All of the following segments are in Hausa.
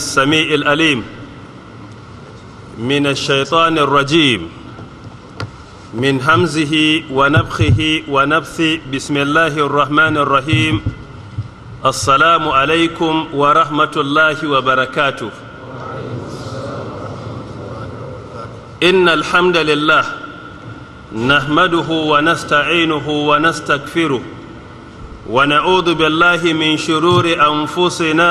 السميع الأليم من الشيطان الرجيم من همزه ونبخه ونبثه بسم الله الرحمن الرحيم السلام عليكم ورحمة الله وبركاته إن الحمد لله نحمده ونستعينه ونستغفره ونعوذ بالله من شرور أنفسنا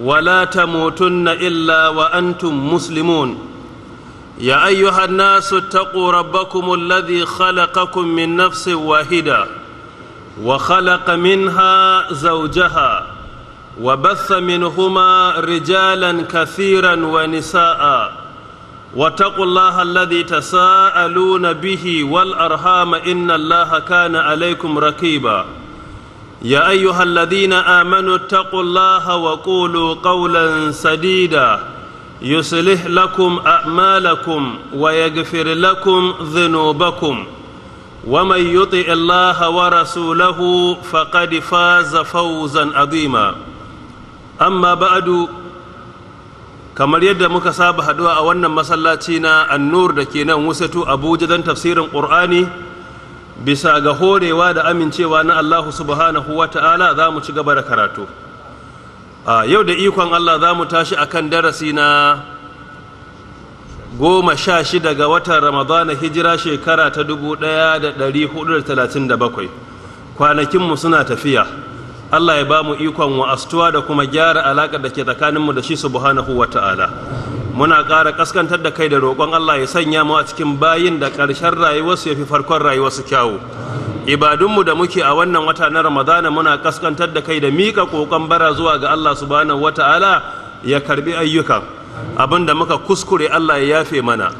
ولا تموتن الا وانتم مسلمون يا ايها الناس اتقوا ربكم الذي خلقكم من نفس واحده وخلق منها زوجها وبث منهما رجالا كثيرا ونساء واتقوا الله الذي تساءلون به والارحام ان الله كان عليكم رقيبا يا ايها الذين امنوا اتقوا الله وقولوا قولا سديدا يصلح لكم اعمالكم ويغفر لكم ذنوبكم ومن يطع الله ورسوله فقد فاز فوزا عظيما اما بعد kamar yadda muka saba haduwa a wannan masallaci na annur da ke nan wusatu abuja don tafsirin ƙur'ani bisa ga horewa da amincewa na Allahu subhanahu wa ta'ala za mu ci gaba da karatu yau da ikon Allah za mu tashi a kan darasi na goma sha shida ga watan ramadana hijira shekara ta dubu ɗaya da ɗari hudu da talatin da bakwai kwanakinmu suna tafiya Allah ya ba mu ikon wa astuwa da kuma gyara alaƙar da ke tsakaninmu da shi subhanahu wa ta'ala muna ƙara ƙaskantar da kai da roƙon Allah ya sanya mu a cikin bayin da ƙarshen rayuwarsu ya fi farkon rayuwarsu kyawu ibadunmu da muke a wannan wata na ramadana muna ƙaskantar da kai da miƙa ƙoƙon bara zuwa ga Allah subhanahu ta'ala ya karbi ayyukan da muka kuskure Allah ya yafe mana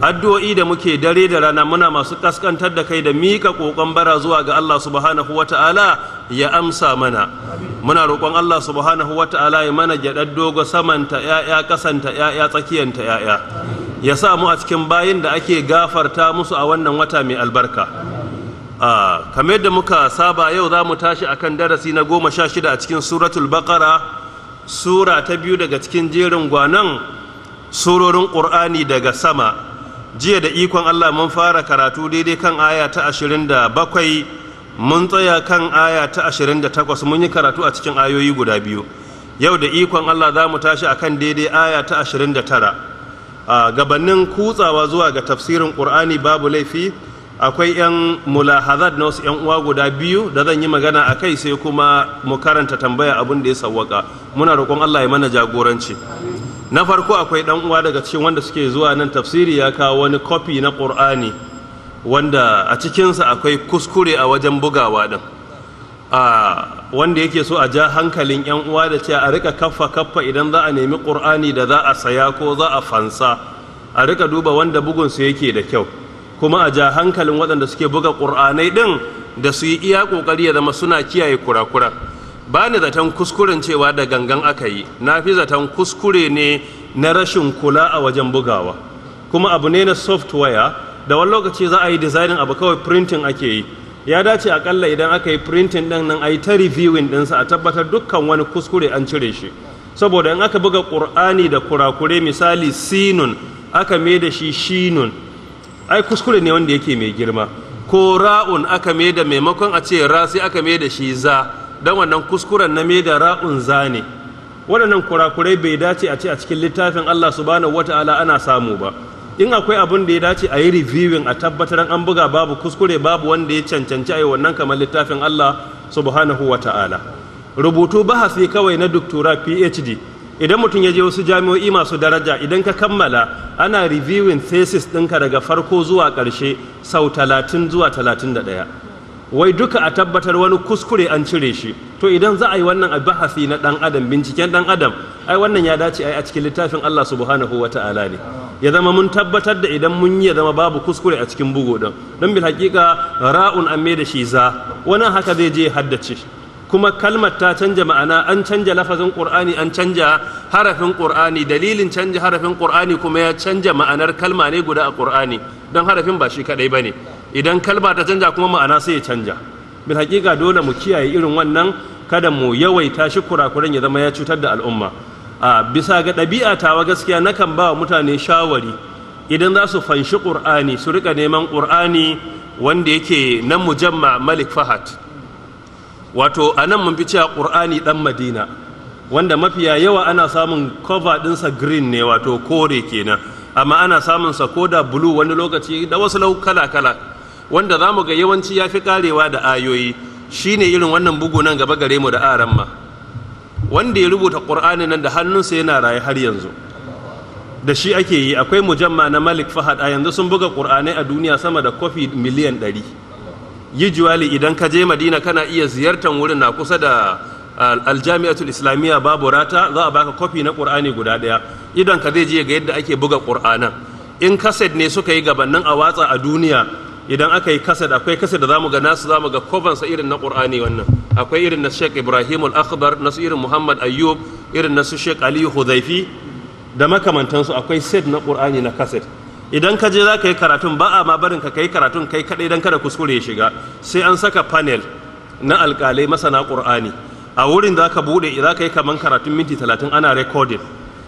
addu'o'i da muke dare da rana muna masu kaskantar da kai da mika kokon bara zuwa ga Allah subhanahu wata'ala ya amsa mana muna roƙon Allah subhanahu wata'ala ya mana gyaɗar dogo samanta ya'ya kasanta ya'ya tsakiyanta ya'ya ya sa mu a cikin bayin da ake gafarta musu a wannan wata mai albarka kamar da muka saba yau za mu tashi akan darasi na goma sha shida a cikin suratul baqara sura ta biyu daga cikin jerin gwanon surorin ƙur'ani daga sama jiya da ikon allah mun fara karatu daidai kan aya ta ashirin da bakwai mun tsaya kan aya ta ashirin da takwas mun yi karatu a cikin ayoyi guda biyu yau da ikon allah za mu tashi a kan daidai aya ta ashirin da tara gabanin kutsawa zuwa ga tafsirin ƙur'ani babu laifi akwai 'yan mulahazat na wasu 'yan uwa guda biyu da zan yi magana a kai sai kuma mu karanta tambaya abin da ya sawwaka muna roƙon Allah ya mana jagoranci na farko akwai ɗan uwa daga cikin wanda suke zuwa nan tafsiri ya kawo wani kofi na ƙur'ani wanda a cikinsa akwai kuskure a wajen bugawa ɗin wanda yake so a ja hankalin 'yan uwa da cewa a rika kaffa kaffa idan za a nemi ƙur'ani da za a saya ko za a fansa a rika duba wanda bugunsa yake da kyau kuma a ja hankalin waɗanda suke buga ƙur'anai ɗin da su yi iya ƙoƙari ya zama suna kiyaye kurakura ba ni zaton kuskuren cewa da gangan aka yi na fi zaton kuskure ne na rashin kula a wajen bugawa kuma abu ne na software da wani lokaci za a yi designing abu kawai printing ake yi ya dace akalla idan aka yi printing ɗin nan a yi ta reviewing ɗinsa a tabbatar dukkan wani kuskure an cire shi saboda in aka buga ƙur'ani da kurakure misali sinun aka mai da shi shinun ai kuskure ne wanda yake mai girma ko ra'un aka mai da maimakon a ce ra sai aka mai da shi za dan wannan kuskuren na mai da ra'un za ne waɗannan kurakurai bai dace a ce a cikin littafin Allah subhanahu wata'ala ana samu ba in akwai abin da ya dace a yi reviewing a tabbatar an buga babu kuskure babu wanda ya cancanci a yi wannan kamar littafin Allah subhanahu wata'ala rubutu bahasi kawai na doctora PhD idan mutum ya je wasu jami'o'i masu daraja idan ka kammala ana reviewing thesis ɗinka daga farko zuwa ƙarshe sau talatin zuwa talatin da ɗaya wai duka a tabbatar wani kuskure an cire shi to idan za a yi wannan a bahasi na ɗan adam binciken ɗan adam ai wannan ya dace ai a cikin littafin Allah subhanahu wa ta'ala ne ya zama mun tabbatar da idan mun yi ya zama babu kuskure a cikin bugu ɗin don bil haƙiƙa ra'un an mai da shi za wani haka zai je haddace kuma kalmar ta canja ma'ana an canja lafazin qur'ani an canja harafin qur'ani dalilin canja harafin qur'ani kuma ya canja ma'anar kalma ne guda a qur'ani don harafin ba shi kadai bane idan kalma ta canja kuma ma'ana sai ya canja bil hakika dole mu kiyaye irin wannan kada mu yawaita shi kurakuran ya zama ya cutar da al'umma a bisa ga ɗabi'a tawa gaskiya nakan ba wa mutane shawari idan za su fanshi qur'ani su rika neman qur'ani wanda yake na mujamma malik fahad wato a nan mun fi cewa ƙur'ani ɗan madina wanda mafiya yawa ana samun cover ɗinsa green ne wato kore kenan amma ana samun sa koda blue wani lokaci da wasu lau kala kala wanda za mu ga yawanci ya fi karewa da ayoyi shine irin wannan bugu nan gaba gare mu da aran ma wanda ya rubuta ƙur'ani nan da hannunsa yana raye har yanzu da shi ake yi akwai mujamma na malik fahad a yanzu sun buga ƙur'anai a duniya sama da kofi miliyan ɗari Yi juwali idan ka je madina kana iya ziyartar wurin na kusa da aljami'atul islamiyya babu rata za a baka kofi na qur'ani guda ɗaya. idan ka zai je ga yadda ake buga qur'anan in kaset ne suka yi gabanin a watsa a duniya idan aka yi kaset akwai kaset da zamu ga nasu zamu ga koban sa irin na qur'ani wannan akwai irin na sheik Ibrahim al-Akhbar na su irin Muhammad Ayyub irin na su Sheikh Ali Hudhaifi da makamantansu akwai set na qur'ani na kaset idan ka je za ka yi karatun ba a ma barin ka yi karatun kai kaɗai don kada kuskure ya shiga sai an saka panel na alƙalai masana ƙur'ani a wurin za ka buɗe za ka yi kamar karatun minti talatin ana recording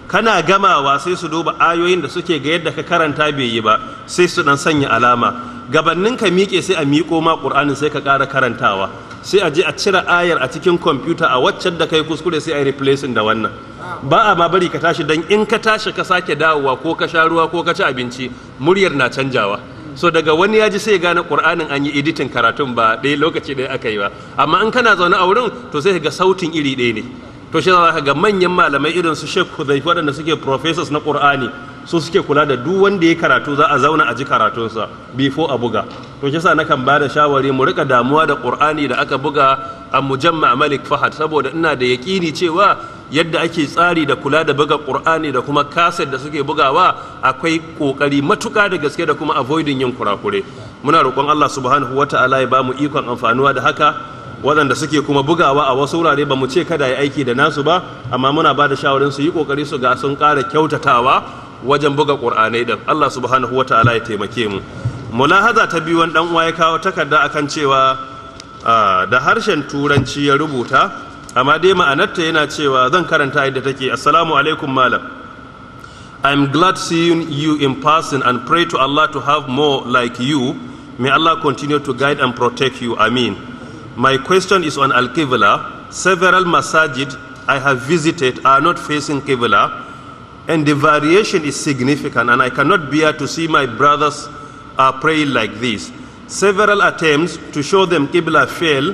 kana gamawa sai su duba ayoyin da suke ga yadda ka karanta bai yi ba sai su ɗan sanya alama gabannin ka miƙe sai a miƙo ma ƙur'anin sai ka ƙara karantawa sai a je a cire ayar a cikin kwamfuta a waccan da kai kuskure sai a yi replacing da wannan ba a ma bari ka tashi don in ka tashi ka sake dawowa ko ka sha ruwa ko ka ci abinci muryar na canjawa so daga wani ya ji sai gane qur'anin an yi editin karatun ba ɗaya lokaci ɗaya aka yi ba amma in kana zaune a wurin to sai ga sautin iri ɗaya ne to shi za ka ga manyan malamai irin su shek Hudhayf waɗanda suke professors na Qur'ani su suke kula da duk wanda ya karatu za a zauna a ji karatunsa before a buga to shi nakan ba da shawari mu rika damuwa da Qur'ani da aka buga a mujamma Malik Fahad saboda ina da yaƙini cewa yadda ake tsari da kula da buga Qur'ani da kuma kaset da suke bugawa akwai kokari matuka da gaske da kuma avoiding yin kurakure muna roƙon Allah subhanahu wataala ya bamu ikon amfanuwa da haka waɗanda suke kuma bugawa a wasu wurare ba mu ce kada ya aiki da nasu ba amma muna ba da shawarin su yi ƙoƙari su ga sun ƙara kyautatawa wajen buga ƙur'anai ɗin Allah subhanahu wa ya taimake mu mulahaza ta biyu wani uwa ya kawo takarda akan cewa da harshen turanci ya rubuta amma dai ma'anarta yana cewa zan karanta yadda take assalamu alaikum malam I'm glad seeing you in person and pray to Allah to have more like you. May Allah continue to guide and protect you. Amin. My question is on Al Qibla. Several masajid I have visited are not facing Qibla, and the variation is significant, and I cannot bear to see my brothers are praying like this. Several attempts to show them Kibla fail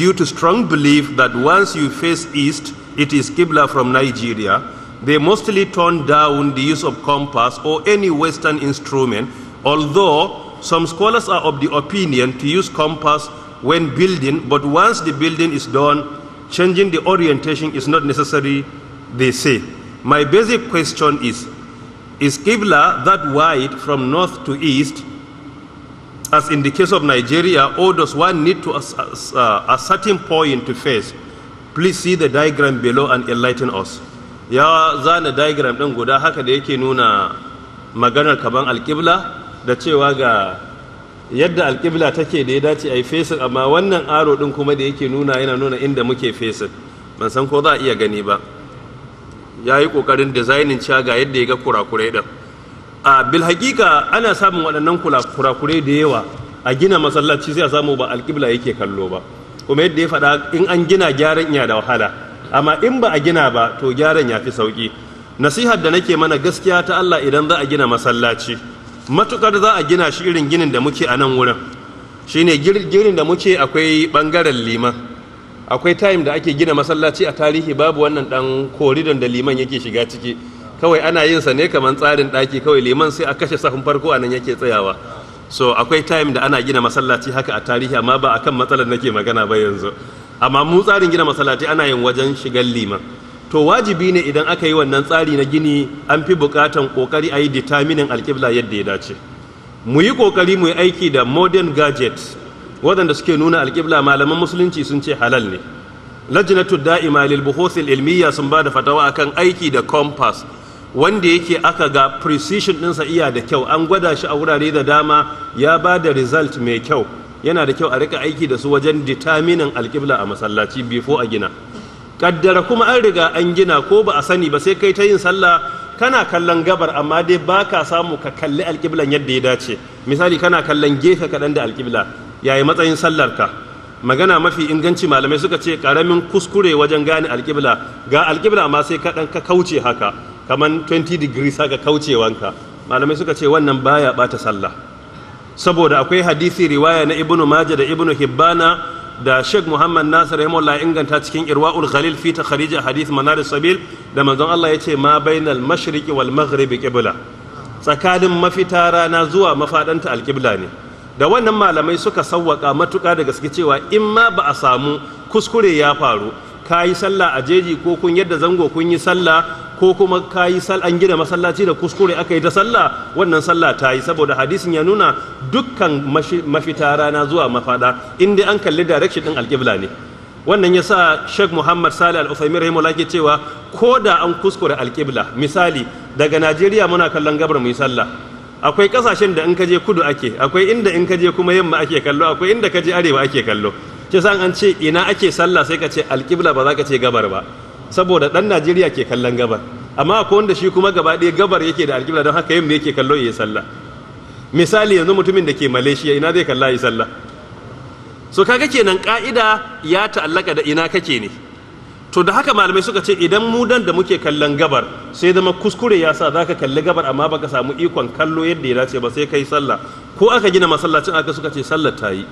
due to strong belief that once you face east, it is Kibla from Nigeria. They mostly tone down the use of compass or any Western instrument, although some scholars are of the opinion to use compass when building, but once the building is done, changing the orientation is not necessary, they say. My basic question is, is Qibla that wide from north to east, as in the case of Nigeria, or does one need to a, uh, a, certain point to face? Please see the diagram below and enlighten us. Ya zana diagram ɗin guda haka da yake nuna maganar kaban alƙibla da cewa ga yadda alƙibla take da ya dace a yi fesin amma wannan aro ɗin kuma da yake nuna yana nuna inda muke fesin ban san ko za a iya gani ba ya yi ƙoƙarin dizainin cewa ga yadda ya ga kurakurai ɗin a bil ana samun waɗannan kurakurai da yawa a gina masallaci sai a samu ba alƙibla yake kallo ba kuma yadda ya faɗa in an gina gyaran iya da wahala amma in ba a gina ba to gyaran ya fi sauƙi nasihar da nake mana gaskiya ta Allah idan za a gina masallaci matukar za a gina shi irin ginin da muke a nan wurin shi ne ginin da muke akwai bangaren liman akwai time da ake gina masallaci a tarihi babu wannan dan koridon da liman yake shiga ciki kawai ana yin sa ne kamar tsarin daki kawai liman sai a kashe sahun farko a nan yake tsayawa so akwai time da ana gina masallaci haka a tarihi amma ba akan matsalar nake magana ba yanzu amma mu tsarin gina masallaci ana yin wajen shigar liman to wajibi ne idan aka yi wannan tsari na gini an fi bukatan kokari a yi determining alƙibla yadda ya dace mu yi kokari mu yi aiki da modern gadget waɗanda suke nuna alkibla malaman musulunci sun ce halal ne lajinatu da'ima lil buhuthil ilmiya sun bada fatawa akan aiki da compass wanda yake aka ga precision ɗinsa iya da kyau an gwada shi a wurare da dama ya ba da result mai kyau yana da kyau a rika aiki da su wajen determining alkibla a masallaci before a gina kaddara kuma an riga an gina ko ba a sani ba sai kai ta yin sallah kana kallon gabar amma dai ba ka samu ka kalli alƙiblan yadda ya dace misali kana kallon gefe kaɗan da alƙibla yayi matsayin sallar ka magana mafi inganci malamai suka ce ƙaramin kuskure wajen gane alƙibla ga alƙibla amma sai kaɗan ka kauce haka kamar 20 degrees haka kaucewanka malamai suka ce wannan baya ɓata sallah saboda akwai hadisi riwaya na ibnu maja da ibnu hibbana da Sheikh Muhammad Nasir ya inganta cikin Irwaul Ghalil fi takhrij hadith Manar Sabil da manzon Allah ya ce ma bainal mashriqi wal maghribi qibla tsakanin mafita rana zuwa mafadanta alqibla ne da wannan malamai suka sawwaka matuka da gaske cewa in ma ba a samu kuskure ya faru ka yi sallah a jeji ko kun yadda zango kun yi sallah ko kuma ka yi an gina masallaci da kuskure aka yi ta sallah wannan sallah ta yi saboda hadisin ya nuna dukkan mafita rana zuwa mafada inda an kalli direction din alƙibla ne wannan ya sa sheikh muhammad salih al-usaimi rahimahullah ke cewa ko da an kuskure alƙibla misali daga najeriya muna kallon gabar mu salla sallah akwai kasashen da in ka je kudu ake akwai inda in ka je kuma yamma ake kallo akwai inda ka je arewa ake kallo ce san an ce ina ake sallah sai ka ce alƙibla ba za ka ce gabar ba saboda ɗan najeriya ke kallon gabar amma ko wanda shi kuma gaba ɗaya gabar yake da alƙibla don haka yamma yake kallo ya sallah misali yanzu mutumin da ke malaysia ina zai kalla ya sallah so kaga kenan ka'ida ya ta'allaka da ina kake ne to da haka malamai suka ce idan mu dan da muke kallon gabar sai zama kuskure ya sa zaka kalli gabar amma baka samu ikon kallo yadda ya dace ba sai kai sallah ko aka gina masallacin aka suka ce sallar ta yi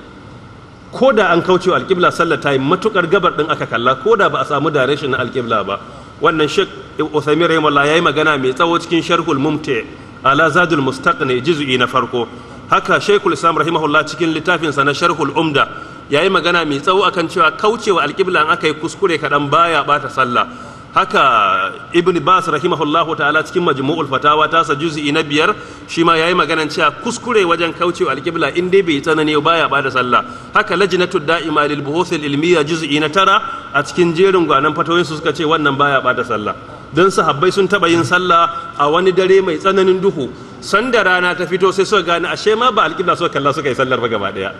ko da an kauce wa alƙibla Sallah ta yi matuƙar gabar ɗin aka kalla ko da ba a samu direction na alƙibla ba wannan shek Uthaymeen ya yi magana mai tsawo cikin sharhul Mumte, ala zadul ne jizu'i na farko haka shekul islam rahimahullah cikin littafinsa na sharhul umda ya yi magana mai tsawo akan cewa kaucewa alƙibla in aka yi kuskure kaɗan baya ɓata sallah haka ibn bas rahimahullahu ta'ala cikin majmu'ul fatawa ta sa juz'i na biyar shi ma yayi maganan cewa kuskure wajen kaucewa alqibla in dai bai tsanani baya bada sallah haka lajnatu da'ima lil buhuthil ilmiya juz'i na tara a cikin jerin gwanan fatawoyin su suka ce wannan baya bada sallah don sahabbai sun taba yin sallah a wani dare mai tsananin duhu sanda rana ta fito sai suka gane ashe ma ba alƙibla suka kalla suka yi sallar ba gaba daya.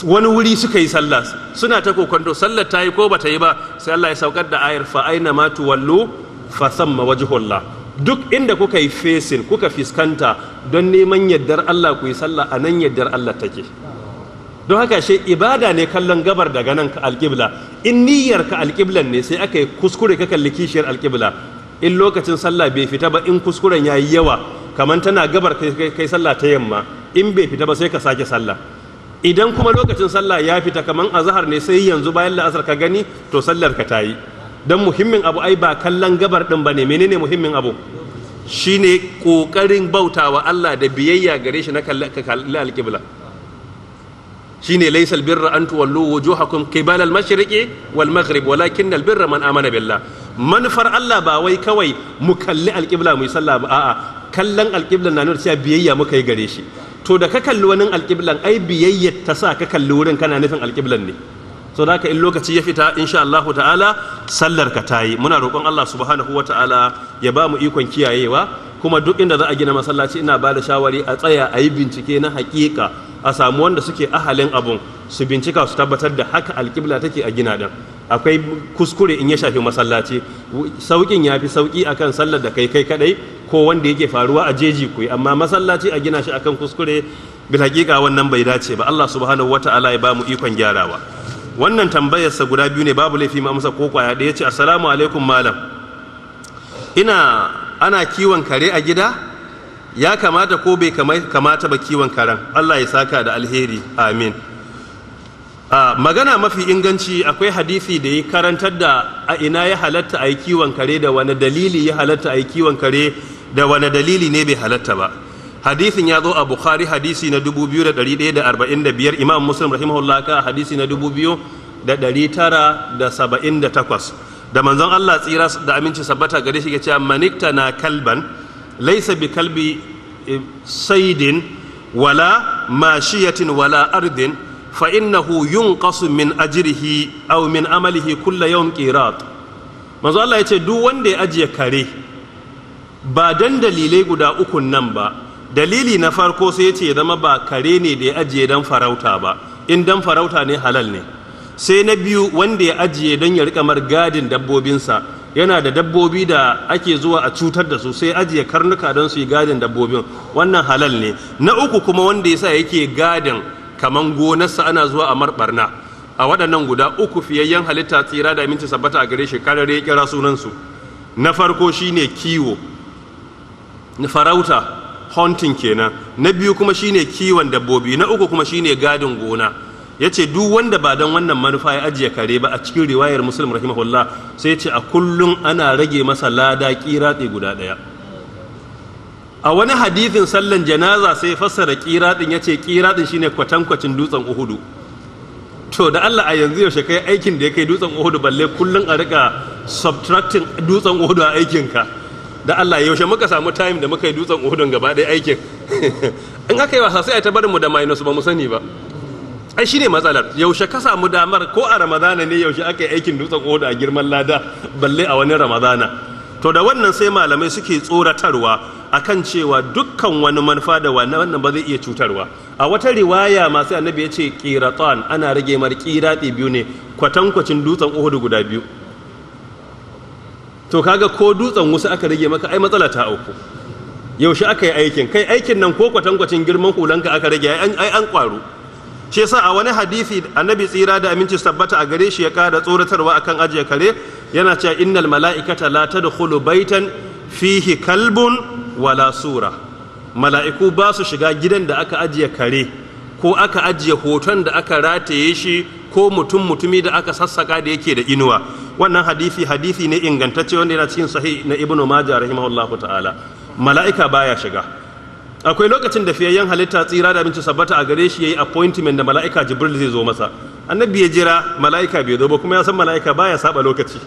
wani wuri suka yi sallah suna ta kokonto sallah ta yi ko bata yi ba sai Allah ya saukar da ayar fa aina ma tuwallu fa thamma wajhullah duk inda kuka yi fesin kuka fiskanta don neman yaddar Allah ku yi sallah a nan yaddar Allah take don haka shi ibada ne kallon gabar daga nan ka alƙibla in niyyar ka alƙiblan ne sai aka yi kuskure ka kalli kishiyar alƙibla in lokacin sallah bai fita ba in kuskuren ya yi yawa kamar tana gabar kai sallah ta yamma in bai fita ba sai ka sake sallah idan kuma lokacin sallah ya fita kamar azhar ne sai yanzu bayan la'asar ka gani to sallar ka tayi dan muhimmin abu ai ba kallon gabar din bane menene muhimmin abu shine kokarin bautawa Allah da biyayya gare shi na kalli alqibla shine laysa albirra an tuwallu wujuhakum qibala wal walmaghrib walakin birra man amana billah manufar Allah ba wai kawai mu kalli alqibla mu yi sallah ba a'a kallon alqibla na nuna cewa biyayya muka yi gare shi to da ka kalli wani alƙiblan ai biyayyar ta sa ka kalli wurin kana nufin alƙiblan ne so da in lokaci ya fita insha Allah ta'ala sallar ka ta yi muna roƙon Allah subhanahu wa ta'ala ya ba mu ikon kiyayewa kuma duk inda za a gina masallaci ina ba da shawari a tsaya a yi bincike na haƙiƙa a samu wanda suke ahalin abun su bincika su tabbatar da haka alƙibla take a gina ɗin. akwai kuskure in ya shafi masallaci sauƙin ya fi sauƙi kan sallar da kai kai kaɗai ko wanda yake faruwa a jeji ku amma masallaci a gina shi a kan kuskure bil wannan bai dace ba Allah subhanahu ta'ala ya ba mu ikon gyarawa wannan tambayarsa guda biyu ne babu laifi amsa ko kwaya ɗaya ce assalamu alaikum malam ina ana kiwon kare a gida ya kamata ko bai kamata ba kiwon karen allah ya saka da alheri amin a magana mafi inganci akwai hadisi da ya karantar da a ina ya halatta a yi kiwon kare da wani dalili ya halatta a yi kiwon kare da wani dalili ne bai halatta ba hadisin ya zo a bukhari hadisi na 2145 imam muslim rahimahullah ka hadisi na 2978 da manzon allah tsira da aminci sabbata gare shi cewa manikta na kalban laisa bi kalbi eh, saidin wala mashiyatin wala ardin fa yun yunqasu min ajrihi aw min amalihi kulla yawm kirat manzo Allah ya ce duk wanda ya ajiye kare ba dan dalilai guda uku nan ba dalili na farko sai ya ce ya zama ba kare ne da ya ajiye dan farauta ba in dan farauta ne halal ne sai na biyu wanda ya ajiye dan ya rika gadin dabbobinsa yana da dabbobi da ake zuwa a cutar da su sai ajiye karnuka don su yi gadin dabbobin wannan halal ne na uku kuma wanda ya sa yake gadin kamar gonarsa ana zuwa a marɓarna, a waɗannan guda uku fiyayyen halitta tsira da aminci sabbata a gare shi karare kira sunansu na farko shine kiwo farauta hunting kenan na biyu kuma shine kiwon dabbobi na uku kuma shine gadin gona ya ce duk wanda ba don wannan manufa ya ajiye kare ba a cikin riwayar muslim rahimahullah sai ce a kullum ana rage masa lada kiraɗe guda ɗaya a wani hadithin sallan janaza sai fassara kiraɗin ya ce kiraɗin shine kwatankwacin dutsen uhudu to da allah a yanzu yaushe kai aikin da ya kai dutsen uhudu balle kullum a rika subtracting dutsen uhudu a aikinka da allah yaushe muka samu time da muka yi dutsen uhudun gaba ɗaya aikin in aka yi wasa sai a ta barin mu da minus ba mu sani ba ai shine matsalar yaushe ka samu damar ko a ramadana ne yaushe aka yi aikin dutsen uhudu a girman lada balle a wani ramadana to da wannan sai malamai suke tsoratarwa akan cewa dukkan wani manufa da wannan ba zai iya cutarwa a wata riwaya masu annabi ya ce qiratan ana rage mar qirati biyu ne kwatankwacin dutsen Uhud guda biyu to kaga ko dutsen wasu aka rage maka ai matsala ta auku yaushe aka yi aikin kai aikin nan ko kwatankwacin girman hulanka aka rage ai an kwaro shi yasa a wani hadisi annabi tsira da aminci tabbata a gare shi ya kada tsoratarwa akan ajiye kare yana cewa innal mala'ikata la tadkhulu baitan fihi kalbun wala sura mala'iku ba su shiga gidan da aka ajiye kare ko aka ajiye hoton da aka rataye shi ko mutum mutumi da aka sassaka da yake da inuwa wannan hadisi hadisi ne ingantacce wanda yana cikin sahih na ibnu majah rahimahullahu ta'ala mala'ika baya shiga akwai lokacin da fiyayyen halitta tsira da abinci sabbata a gare shi yayi appointment da mala'ika jibril zai zo masa annabi ya jira mala'ika bai zo ba kuma ya san mala'ika baya saba lokaci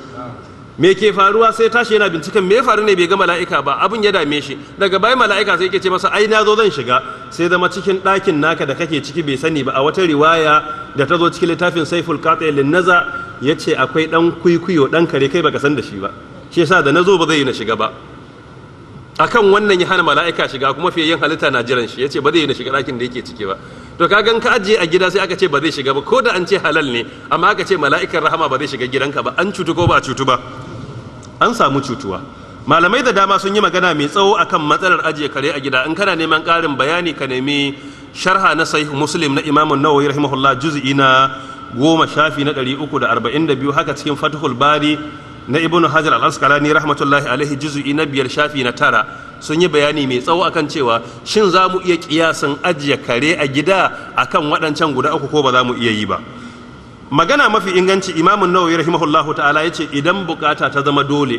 me ke faruwa sai tashi yana binciken me faru ne bai ga mala'ika ba abin ya dame shi daga bayan mala'ika sai yake ce masa ai na zo zan shiga sai zama cikin ɗakin naka da kake ciki bai sani ba a wata riwaya da ta zo cikin littafin saiful qati linnaza yace akwai dan kuikuyo dan kare kai baka san da shi ba shi yasa da nazo ba zai yi na shiga ba akan wannan ya hana mala'ika shiga kuma fiye yin halitta na jiran shi yace ba zai yi na shiga ɗakin da yake ciki ba to ka gan ka ajiye a gida sai aka ce ba zai shiga ba ko da an ce halal ne amma aka ce mala'ikan rahama ba zai shiga gidanka ba an cutu ko ba a cutu ba an samu cutuwa malamai da dama sun yi magana mai tsawo akan matsalar ajiye kare a gida in kana neman ƙarin bayani ka nemi sharha na sahih muslim na imam nawawi rahimahullah juz'i na goma shafi na ɗari uku da arba'in da biyu haka cikin fatihul bari na ibnu hajar al-asqalani rahmatullahi alaihi juz'i na biyar shafi na tara sun yi bayani mai tsawo akan cewa shin za mu iya kiyasin ajiye kare a gida akan waɗancan guda uku ko ba za mu iya yi ba magana mafi inganci imamun nawawi rahimahullahu ta'ala ya ce idan bukata ta zama dole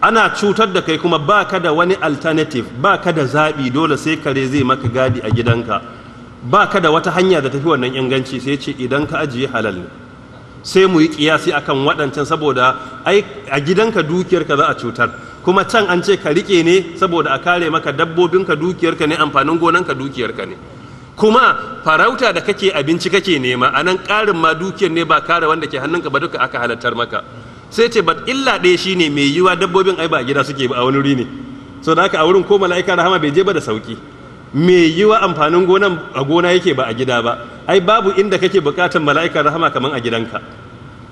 ana cutar da kai kuma ba ka da wani alternative ba ka da zaɓi dole sai kare zai maka gadi a gidanka ba ka da wata hanya da tafi wannan inganci sai ce idan ka ajiye halal ne sai mu yi kiyasi akan waɗancan saboda a gidanka dukiyarka za a cutar kuma can an ce ka riƙe ne saboda a kare maka dabbobinka dukiyarka ne amfanin gonanka dukiyarka ne kuma farauta da kake abinci kake nema a nan ƙarin ma dukiyar ne ba kare wanda ke hannunka ba duka aka halartar maka sai ce bat illa ɗaya shine mai yiwa dabbobin ai ba gida suke ba a wani wuri ne so da haka a wurin ko mala'ika rahama bai je ba da sauki mai yiwa amfanin gonan a gona yake ba a gida ba ai babu inda kake bukatar mala'ika rahama kaman a gidanka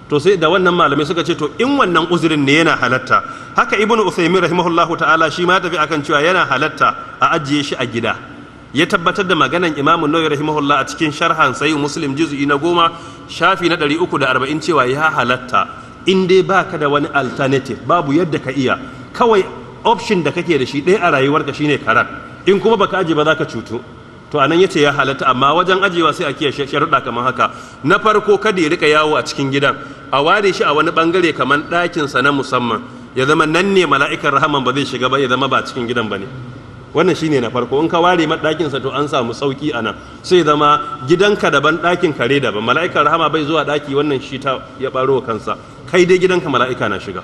to sai da wannan malamai suka ce to in wannan uzurin ne yana halatta haka ibnu usaimin rahimahullahu ta'ala shi ma tafi akan cewa yana halatta a ajiye shi a gida ya tabbatar da maganan imamu nawawi rahimahullah a cikin sharhan sayi muslim juz'i na goma shafi na da arba'in cewa ya halatta in dai baka da wani alternative babu yadda ka iya kawai option da kake da shi ɗaya a rayuwarka shine karar in kuma baka aje ba za ka cutu to anan yace ya halatta amma wajen ajiyewa sai a kiyaye sharuɗa kamar haka na farko kada ya rika yawo a cikin gidan a ware shi a wani bangare kamar ɗakinsa na musamman ya zama nan ne mala'ikar rahaman ba zai shiga ba ya zama ba cikin gidan ba ne wannan shine na farko in ka ware ɗakin sa to an samu sauki a nan sai zama gidanka daban ɗakin kare daban mala'ikar rahama bai zuwa ɗaki wannan shi ta ya ɓaro kansa kai dai gidanka mala'ika na shiga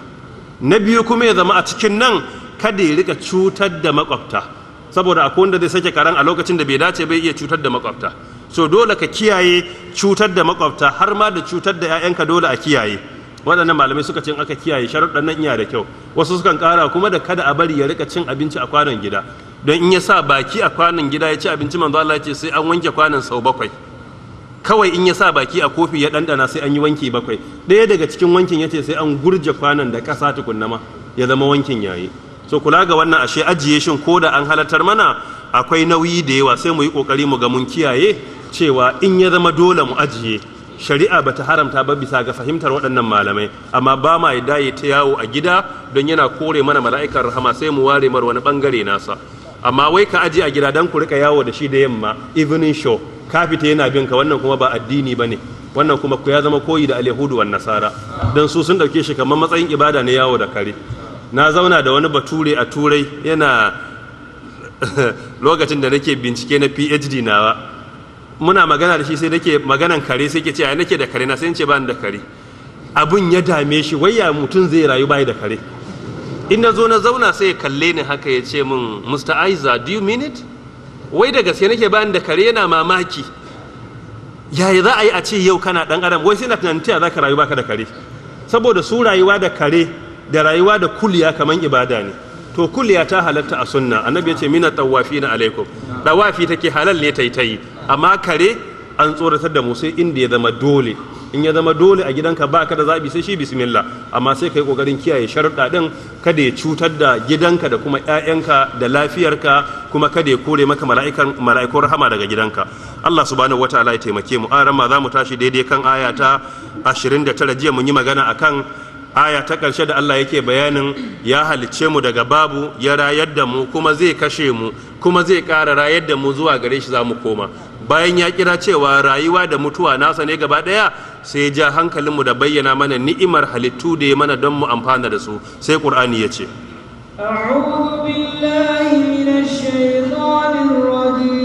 na biyu kuma ya zama a cikin nan kada ya rika cutar da makwabta saboda akwai wanda zai sake karan a lokacin da bai dace bai iya cutar da makwabta so dole ka kiyaye cutar da makwabta har ma da cutar da 'ya'yanka dole a kiyaye waɗannan malamai suka ce aka kiyaye sharuɗan nan iya da kyau wasu sukan ƙara kuma da kada a bari ya rika cin abinci a kwanon gida don in ya sa baki a kwanan gida ya ci abinci manzo Allah ce sai an wanke kwanan sau bakwai kawai in ya sa baki a kofi ya dandana sai an yi wanki bakwai daya daga cikin wankin ya ce sai an gurje kwanan da ƙasa tukunna ma ya zama wankin yayi so kula ga wannan ashe ajiye shin ko da an halartar mana akwai nauyi da yawa sai mu yi kokari mu ga mun kiyaye cewa in ya zama dole mu ajiye shari'a bata haramta ba bisa ga fahimtar waɗannan malamai amma ba ma ya daye ta yawo a gida don yana kore mana mala'ikar rahama sai mu ware mar wani bangare nasa amma wai ka aji a gida don ku rika yawo da shi da yamma evening show ka fita yana bin ka wannan kuma ba addini ba ne wannan kuma ku ya zama koyi da alihudu wa nasara don su sun dauke shi kamar matsayin ibada na yawo da kare na zauna da wani bature a turai yana lokacin da nake bincike na phd nawa muna magana da shi sai nake maganan kare sai ke ce ai nake da kare na sai ce ba ni da kare abun ya dame shi wai ya mutum zai rayu bai da kare in na zo na zauna sai ya kalle ni haka ya ce min mr aiza do you mean it wai da gaske nake bani da kare yana mamaki yaya za a yi a ce yau kana dan adam wai sai na tunanin za ka rayu baka da kare saboda su rayuwa da kare da rayuwa da kulliya kaman ibada ne to kulliya ta halatta a sunna annabi ya ce mina tawafi na alaikum dawafi take halal ne ta ta amma kare an tsoratar da mu sai inda ya zama dole in ya zama dole a gidanka ba ka da zaɓi sai shi bismillah amma sai ka yi ƙoƙarin kiyaye sharuɗa ɗin kada ya cutar da gidanka da kuma 'ya'yanka da lafiyarka kuma kada ya kore maka mala'ikan mala'ikun rahama daga gidanka Allah subhanahu wataala ya taimake mu aran ma za mu tashi daidai kan aya ta 29 jiya mun yi magana akan aya ta ƙarshe da Allah yake bayanin ya halicce mu daga babu ya rayar da mu kuma zai kashe mu kuma zai ƙara rayar da mu zuwa gare shi za mu koma bayan ya kira cewa rayuwa da mutuwa nasa ne gaba daya sai ja hankalinmu da bayyana mana ni'imar halittu da ya mana don mu amfana da su sai ƙur'ani ya ce a'udhu billahi minash shaitanir rajim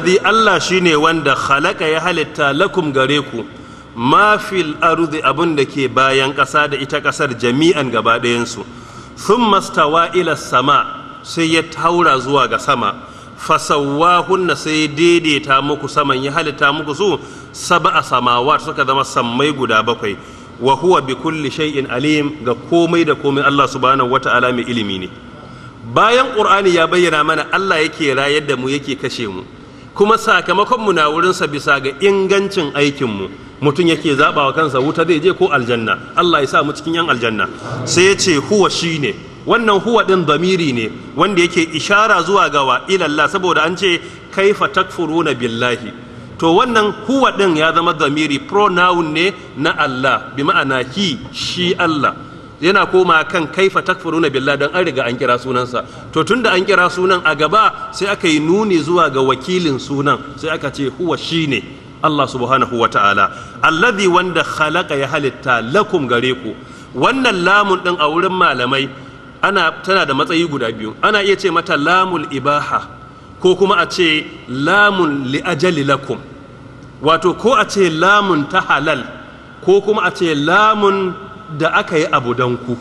alladhi Allah shine wanda khalaqa ya halitta lakum gare ku ma fil ardi abun da ke bayan ƙasa da ita ƙasar jami'an gaba su thumma stawa ila sama sai ya taura zuwa ga sama fasawahunna sai daidaita muku saman ya halitta muku su saba a samawat suka zama sammai guda bakwai wa huwa bi kulli shay'in alim ga komai da komai Allah subhanahu wata'ala mai ilimi ne bayan qur'ani ya bayyana mana Allah yake rayar da mu yake kashe mu kuma sakamakon mu na wurinsa bisa ga ingancin aikinmu mutum yake zaɓa wa kansa wuta zai je ko aljanna Allah ya sa mu cikin yan aljanna sai ya ce huwa shi ne wannan huwa ɗin zamiri ne wanda yake ishara zuwa ga wa ilallah saboda an ce kaifa takfuruna billahi to wannan huwa ɗin ya zama zamiri pronoun ne na Allah bi ma'ana ki shi Allah yana koma kan kaifa na billah dan an riga an kira sunansa to tunda an kira sunan a gaba sai aka yi nuni zuwa ga wakilin sunan sai aka ce huwa shine Allah subhanahu wa ta'ala alladhi wanda khalaqa ya halitta lakum gare ku wannan lamun din a wurin malamai ana tana da matsayi guda biyu ana iya ce mata lamul ibaha ko kuma a ce lamun li ajali lakum wato ko a ce lamun ta halal ko kuma a ce lamun da aka yi abu don ku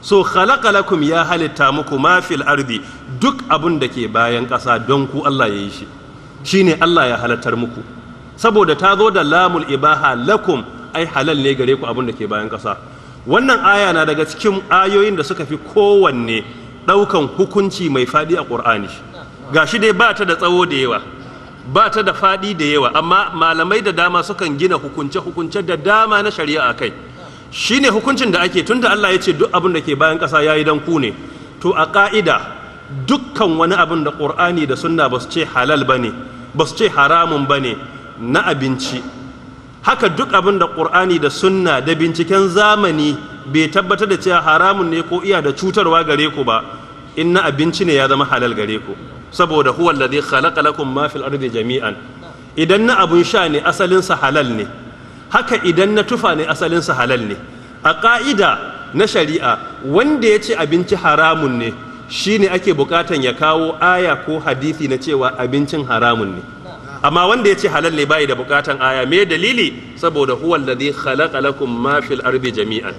so khalaqa lakum ya halitta muku ma fil ardi duk abun da ke bayan ƙasa don ku Allah ya yi shi Shi ne Allah ya halattar muku saboda ta zo da lamul ibaha lakum ai halal ne gare ku abun da ke bayan ƙasa wannan aya na daga cikin ayoyin da suka fi kowanne ɗaukan hukunci mai faɗi a ƙur'ani gashi dai ba ta da tsawo da yawa ba ta da faɗi da yawa amma malamai da dama sukan gina hukunce-hukunce da dama na shari'a a kai Shi ne hukuncin da ake tunda Allah ya ce duk abin da ke bayan ƙasa ya dan ku ne to a ƙa'ida dukkan wani abin da ƙur'ani da sunna ba su ce halal ne ba su ce haramun ne na abinci haka duk abin da ƙur'ani da sunna da binciken zamani bai tabbatar da cewa haramun ne ko iya da cutarwa gare ku ba in na abinci ne ya zama halal gare ku saboda huwa allazi khalaqa lakum ma fil ardi jami'an idan na abun sha ne asalinsa halal ne haka idan na tufa ne asalinsa halal ne a ƙa'ida na shari'a wanda ya ce abinci haramun ne shine ake bukatan ya kawo aya ko hadithi na cewa abincin haramun ne amma wanda ya ce halal ne bayi da bukatan aya me dalili saboda huwa alladhi khalaqa lakum ma fil ardi jami'an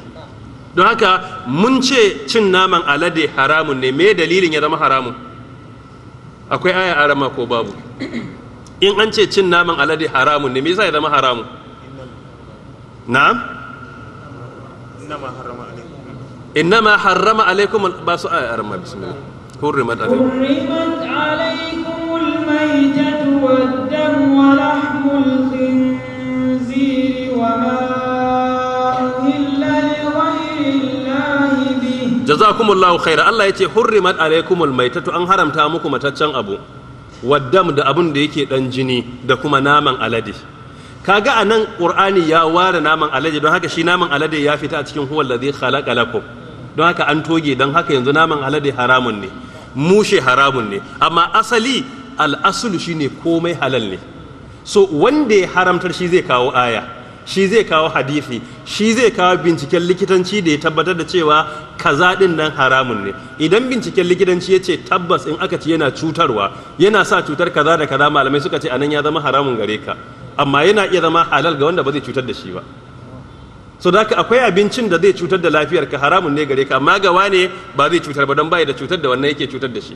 don haka mun ce cin naman alade haramun ne me dalilin ya zama haramun akwai aya arama ko babu in an ce cin naman alade haramun ne me yasa ya zama haramun na'am innama harrama alaikum innama harrama alaikum ba su aya arma bismillah hurrimat alaikum hurrimat alaikum almaytatu wad-dam wa lahmul khinzir wa ma jazakumullahu khaira Allah yace hurrimat alaikumul maitatu an haramta muku mataccen abu waddam da abun da yake dan jini da kuma naman alade kaga a nan ƙur'ani ya ware naman alade don haka shi naman alade ya fita a cikin huwal ladhi khalaqa lakum don haka an toge don haka yanzu naman alade haramun ne mushe haramun ne amma asali al'asulu shi ne komai halal ne so wanda ya haramtar shi zai kawo aya shi zai kawo hadisi shi zai kawo binciken likitanci da ya tabbatar da cewa kaza din nan haramun ne idan binciken likitanci ya ce tabbas in aka ci yana cutarwa yana sa cutar kaza da kaza malamai suka ce anan ya zama haramun gare ka amma yana iya zama halal ga wanda ba zai cutar da shi ba so da akwai abincin da zai cutar da lafiyarka haramun ne gare ka amma gawa ne ba zai cutar ba don bai da cutar da wannan yake cutar da shi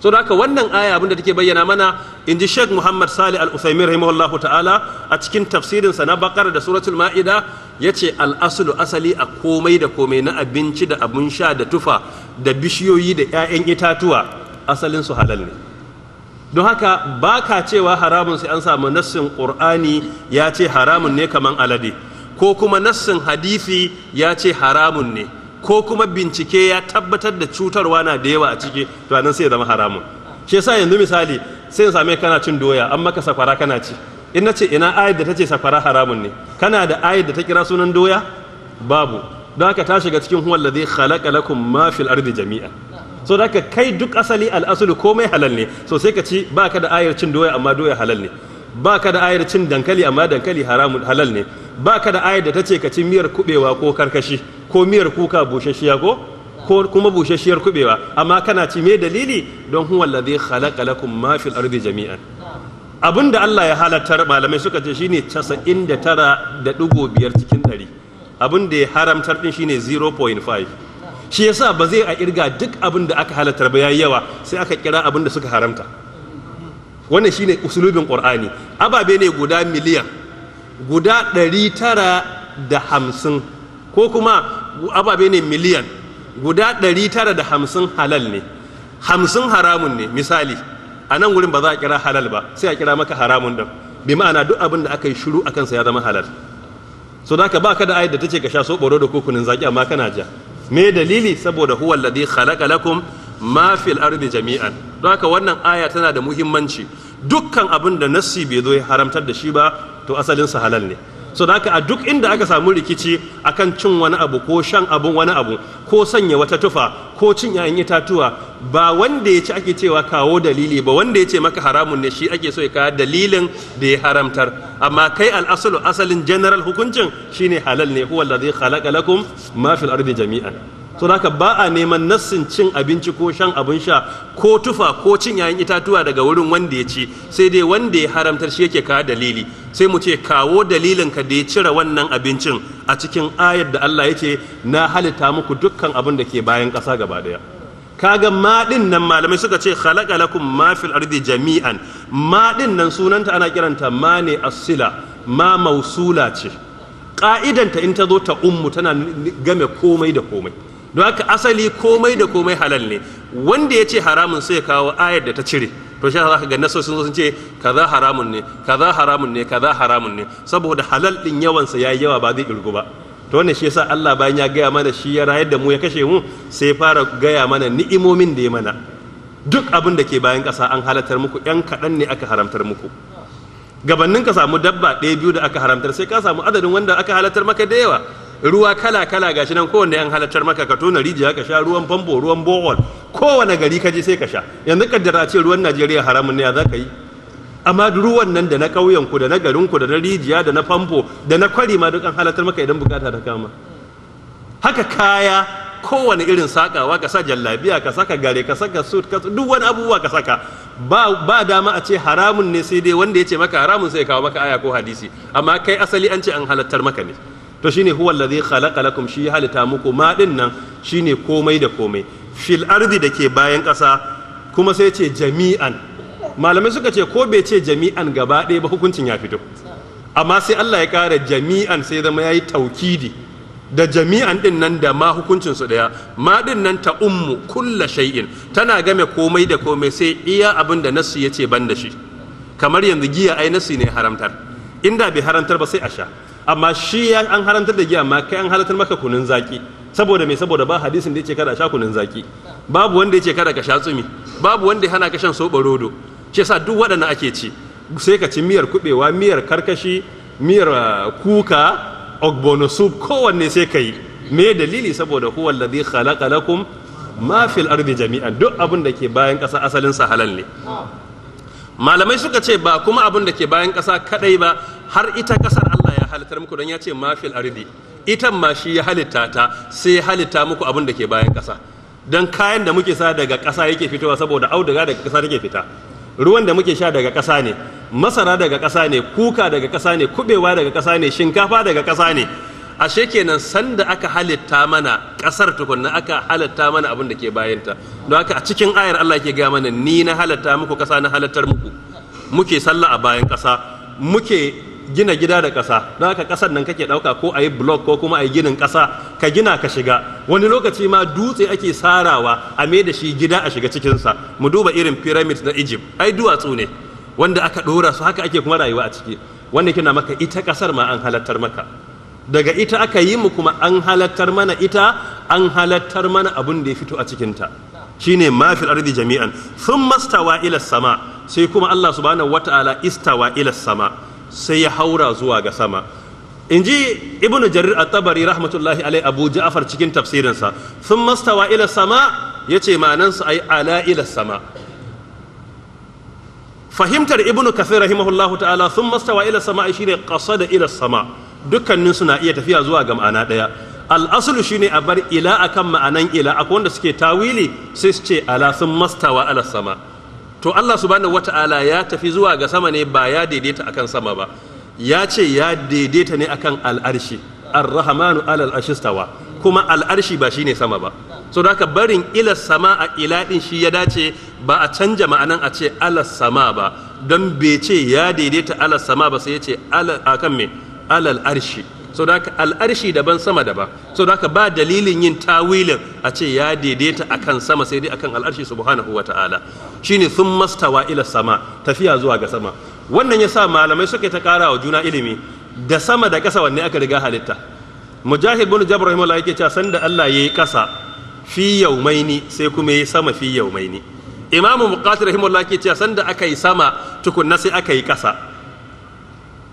so da wannan aya abinda take bayyana mana in ji sheikh muhammad sali al-uthaymin rahimahullahu ta'ala a cikin tafsirin sa na bakar da suratul ma'ida yace al-aslu asali a komai da komai na abinci da abun sha da tufa da bishiyoyi da 'ya'yan itatuwa asalin su halal ne don haka ba ka cewa haramun sai an samu nassin ƙur'ani ya ce haramun ne kamar alade ko kuma nassin hadisi ya ce haramun ne ko kuma bincike ya tabbatar da cutarwa na da yawa a ciki to nan sai ya zama haramun shi yasa yanzu misali sai in same kana cin doya an maka sakwara kana ci in na ce ina ayar da ta ce sakwara haramun ne kana da ayar da ta kira sunan doya babu don haka ta shiga cikin huwa allazi khalaqa lakum ma fil ardi jami'a so da ka kai duk asali al'asulu komai halal ne so sai ka ci ba ka da ayar cin doya amma doya halal ne ba ka da ayar cin dankali amma dankali haramun halal ne ba ka da ayar da ta ce ka ci miyar kubewa ko karkashi ko miyar kuka bushashiya ko ko kuma bushashiyar kubewa amma kana ci me dalili don huwa alladhi khalaqa lakum ma fil ardi jami'an abinda Allah ya halattar malamai suka ce shine 99.5 cikin 100 da ya haramtar din shine 0.5 shi yasa ba zai a kirga duk abin da aka halatar ba yayi yawa sai aka kira abin da suka haramta wannan shine usulubin qur'ani ababe ne guda miliyan guda 950 ko kuma ababe ne miliyan guda 950 da hamsin halal ne hamsin haramun ne misali a nan wurin ba za a kira halal ba sai a kira maka haramun din bi ma'ana duk abin da aka yi shiru akan sa ya zama halal so da ka ba ka da da ta ka sha so boro da kokunin zaki amma kana ja me dalili saboda huwal alladhi khalaqa lakum ma fil ardi jami'an don haka wannan aya tana da muhimmanci dukkan abin da nassi bai zo ya haramtar da shi ba to asalin sa halal ne so da haka a duk inda aka samu rikici akan cin wani abu ko shan abun wani abu ko sanya wata tufa ko cin yayin itatuwa ba wanda ya ci ake cewa kawo dalili ba wanda ya ce maka haramun ne shi ake so ya kawo dalilin da ya haramtar amma kai al'asalu asalin general hukuncin shine halal ne huwa allazi khalaqa lakum ma fil ardi jami'an da haka ba a neman nassin cin abinci ko shan abin sha ko tufa ko cin yayin itatuwa daga wurin wanda ya ci sai dai wanda ya haramtar shi yake kawo dalili sai mu ce kawo dalilin ka da ya cire wannan abincin a cikin ayar da Allah ya ce na halitta muku dukkan abin da ke bayan ƙasa gaba daya kaga maɗin nan malamai suka ce khalaqa lakum ma fil ardi jami'an maɗin nan sunanta ana kiranta ma ne asila ma mausula ce ƙa'idanta in ta zo ta ummu tana game komai da komai don haka asali komai da komai halal ne wanda ya ce haramun sai ya kawo ayar da ta cire to shi za ka ga nasosin sun ce kaza haramun ne kaza haramun ne kaza haramun ne saboda halal din yawansa ya yi yawa ba zai kirgu ba to wannan shi yasa Allah bayan ya gaya mana shi ya rayar da mu ya kashe mu sai fara gaya mana ni'imomin da ya mana duk abin da ke bayan ƙasa an halatar muku yan kaɗan ne aka haramtar muku gabannin ka samu dabba ɗaya biyu da aka haramtar sai ka samu adadin wanda aka halatar maka da yawa ruwa kala kala gashi nan kowanne yan halartar maka ka tona rijiya ka sha ruwan famfo ruwan bohol kowane gari ka je sai ka sha yanzu kaddara a ce ruwan najeriya haramun ne za ka yi amma ruwan nan da na ƙauyen da na garin da na rijiya da na famfo da na kwari ma duk an halartar maka idan bukata ta kama haka kaya kowane irin sakawa ka sa jallabiya ka saka gare ka saka suit ka duk wani abubuwa ka saka ba ba dama a ce haramun ne sai dai wanda ya ce maka haramun sai ya kawo maka aya ko hadisi amma kai asali an ce an halartar maka ne to shine huwa allazi khalaqa lakum shi halitta muku ma din nan shine komai da komai fil ardi da ke bayan ƙasa kuma sai ce jami'an malamai suka ce ko bai ce jami'an gaba ɗaya ba hukuncin ya fito amma sai Allah ya ƙara jami'an sai zama yayi taukidi da jami'an din nan da ma hukuncin su daya ma din nan ta ummu kulla shay'in tana game komai da komai sai iya abin da nasu ce ban da shi kamar yanzu giya ai nasu ne haramtar inda bai haramtar ba sai a sha amma shi yan an harantar da giya amma kai an halartar maka kunun zaki saboda me saboda ba hadisin da yake kada sha kunun zaki babu wanda yace kada ka sha tsumi babu wanda ya hana ka shan soɓa rodo shi yasa duk waɗannan ake ci sai ka ci miyar kubewa miyar karkashi miyar ah, kuka ogbono soup kowanne sai ka yi me dalili saboda huwa alladhi khalaqa lakum ma fil ardi jami'an duk abin da ke bayan ƙasa asalin sa halal ne malamai suka ce ba kuma abin da ke bayan ƙasa kaɗai ba har ita ƙasar Allah ya halittar muku don ya ce mafil ardi ita ma shi ya halitta ta sai ya halitta muku abin da ke bayan ƙasa don kayan da muke sa daga ƙasa yake fitowa saboda auduga daga ƙasa take fita ruwan da muke sha daga ƙasa ne masara daga ƙasa ne kuka daga ƙasa ne kubewa daga ƙasa ne shinkafa daga ƙasa ne ashe kenan sanda aka halitta mana ƙasar tukunna aka halitta mana abin da ke bayanta don haka a cikin ayar Allah ke gaya mana ni na halitta muku kasa na halittar muku muke sallah a bayan ƙasa muke gina gida da kasa don haka kasar nan kake ɗauka ko a yi blok ko kuma ayi ginin kasa ka gina ka shiga wani lokaci ma dutse ake sarawa a me da shi gida a shiga cikin sa, mu duba irin pyramid na egypt ai duwatsu ne wanda aka ɗora su haka ake kuma rayuwa a ciki wanda kina maka ita kasar ma an halattar maka daga ita aka yi mu kuma an halattar mana ita an halattar mana abin da ya fito a cikinta shine ne mafi ardi jami'an Sun mastawa ila sama sai kuma Allah subhanahu wata'ala istawa ila sama sai ya haura zuwa ga sama inji ibnu jarir at-tabari rahmatullahi alai abu ja'far cikin tafsirinsa sun mastawa ila sama yace ma'anansa ai ala ila sama fahimtar ibnu kathir rahimahullahu ta'ala thumma stawa ila sama shine qasada ila sama dukkanin suna iya tafiya zuwa ga ma'ana ɗaya al'asulu shine a bar ila akan ma'anan ila akwai wanda suke tawili sai su ce ala sun mastawa ala sama to Allah subhanahu wata'ala ya tafi zuwa ga sama ne ba ya daidaita akan sama ba ya ce ya daidaita ne akan al'arshi ar-rahmanu alal ashistawa kuma al'arshi ba shine sama ba so da barin ila sama a ila din shi ya dace ba a canja ma'anan a ce ala sama ba don bai ce ya daidaita ala sama ba sai ya ce ala akan me alal arshi so da haka al'arshi daban sama daban so da haka ba dalilin yin tawilin a ce ya daidaita akan sama sai dai akan al'arshi subhanahu wa ta'ala shine sun mastawa ila sama tafiya zuwa ga sama wannan ya sa malamai suke ta kara wa juna ilimi da sama da ƙasa wanne aka riga halitta mujahid bin jabr rahimahullah yake cewa sanda Allah yayi kasa fi yaumaini sai kuma yayi sama fi yaumaini imamu rahimahullah yake cewa sanda aka yi sama tukunna sai aka yi ƙasa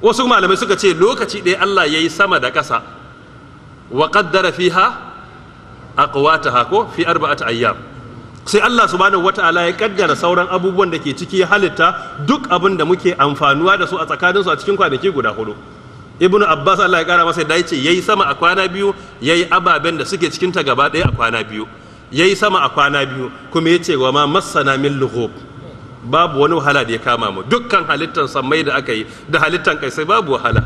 wasu malamai suka ce lokaci ɗaya Allah ya yi sama da ƙasa wa ƙaddara fiha ha ko fi ta ayyam sai Allah su wata ala ya ƙaddara sauran abubuwan da ke ciki halitta duk abin da muke amfanuwa da su a tsakanin su a cikin kwanaki guda hudu ibnu abbas Allah ya ƙara masa da ya ce ya yi sama a kwana biyu ya yi ababen da suke cikinta ta gaba ɗaya a kwana biyu ya yi sama a kwana biyu kuma ya ce wa ma massana min lughub babu wani wahala da ya kama mu dukkan halittan sammai da aka yi da halittan kai sai babu wahala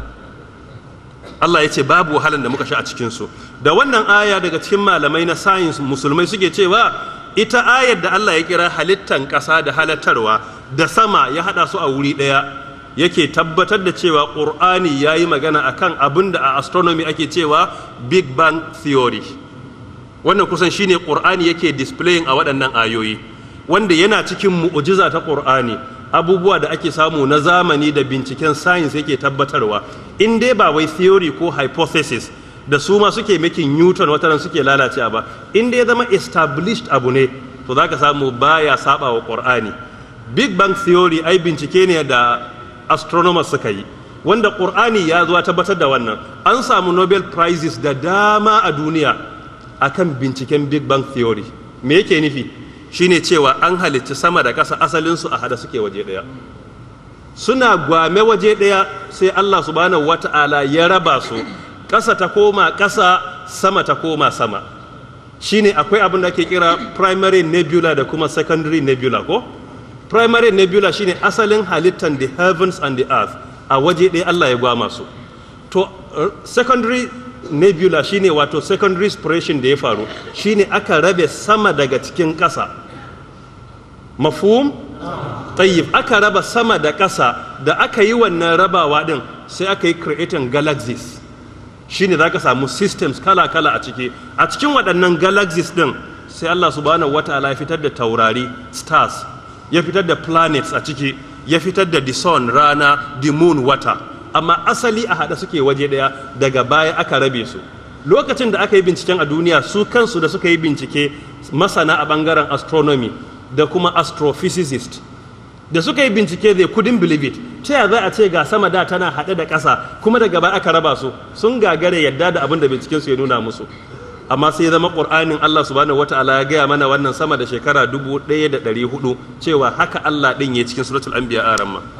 Allah ya ce babu wahalan da muka sha a cikinsu da wannan aya daga cikin malamai na sayins musulmai suke cewa ita ayar da Allah ya kira halittan ƙasa da halattarwa da sama ya haɗa su a wuri ɗaya yake tabbatar da cewa ƙur'ani ya yi magana akan abin da a astronomy ake cewa big bang theory wannan kusan shine ƙur'ani yake displaying a waɗannan ayoyi wanda yana cikin mu'ujiza ta ƙur'ani abubuwa da ake samu na zamani da binciken science yake tabbatarwa in dai ba wai theory ko hypothesis da su ma suke making newton wataran suke lalacewa ba in dai ya zama established abu ne to za ka samu baya saba wa ƙur'ani big bang theory ai bincike ne da astronomers suka yi wanda ƙur'ani ya zuwa tabbatar da wannan an samu nobel prizes da dama a duniya akan binciken big bang theory me yake nufi shine cewa an halicci sama da ƙasa asalinsu a hada suke waje ɗaya suna gwame waje ɗaya sai Allah subhanahu wata'ala ya raba su ƙasa ta koma ƙasa sama ta koma sama shine akwai abin da ake kira primary nebula da kuma secondary nebula ko primary nebula shine asalin halittan the heavens and the earth a waje ɗaya Allah ya gwama su to eh, secondary nebula shine wato secondary spiration da ya faru shine aka rabe sama daga cikin ƙasa mafum tayyib aka raba sama da ƙasa da aka yi wannan rabawa din sai aka yi creating galaxies shine za ka samu systems kala-kala a ciki a cikin waɗannan galaxies din sai Allah subhanahu wata'ala ya fitar da taurari stars ya fitar da planets a ciki ya fitar da the sun rana the moon wata amma asali a haɗa suke waje ɗaya daga baya aka rabe su lokacin da aka yi binciken a duniya su kansu da suka yi bincike masana a ɓangaren astronomy da kuma astrophysicist da suka yi bincike they kudin believe it ta ya za a ce ga sama da tana haɗe da ƙasa kuma daga baya aka raba su sun gagare yadda da abin da bincikensu ya nuna musu amma sai zama ƙur'anin Allah subhanahu wata'ala ya gaya mana wannan sama da shekara dubu ɗaya da ɗari hudu cewa haka Allah ɗin ya cikin suratul anbiya aramma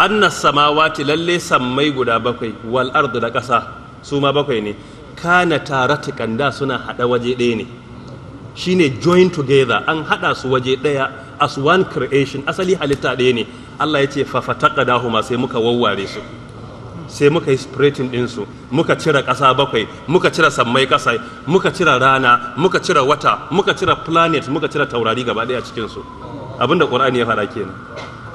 annas samawati lalle sammai guda bakwai wal ardu da ƙasa su ma bakwai ne kana taratikan da suna hada waje ɗaya ne shine join together an hada su waje ɗaya as one creation asali halitta ɗaya ne Allah ya ce fafataqadahuma sai muka wawware su sai muka yi spreading su muka cire ƙasa bakwai muka cire sammai ƙasa muka cire rana muka cire wata muka cire planet muka cire taurari gaba ɗaya cikinsu abinda ƙur'ani ya fara kenan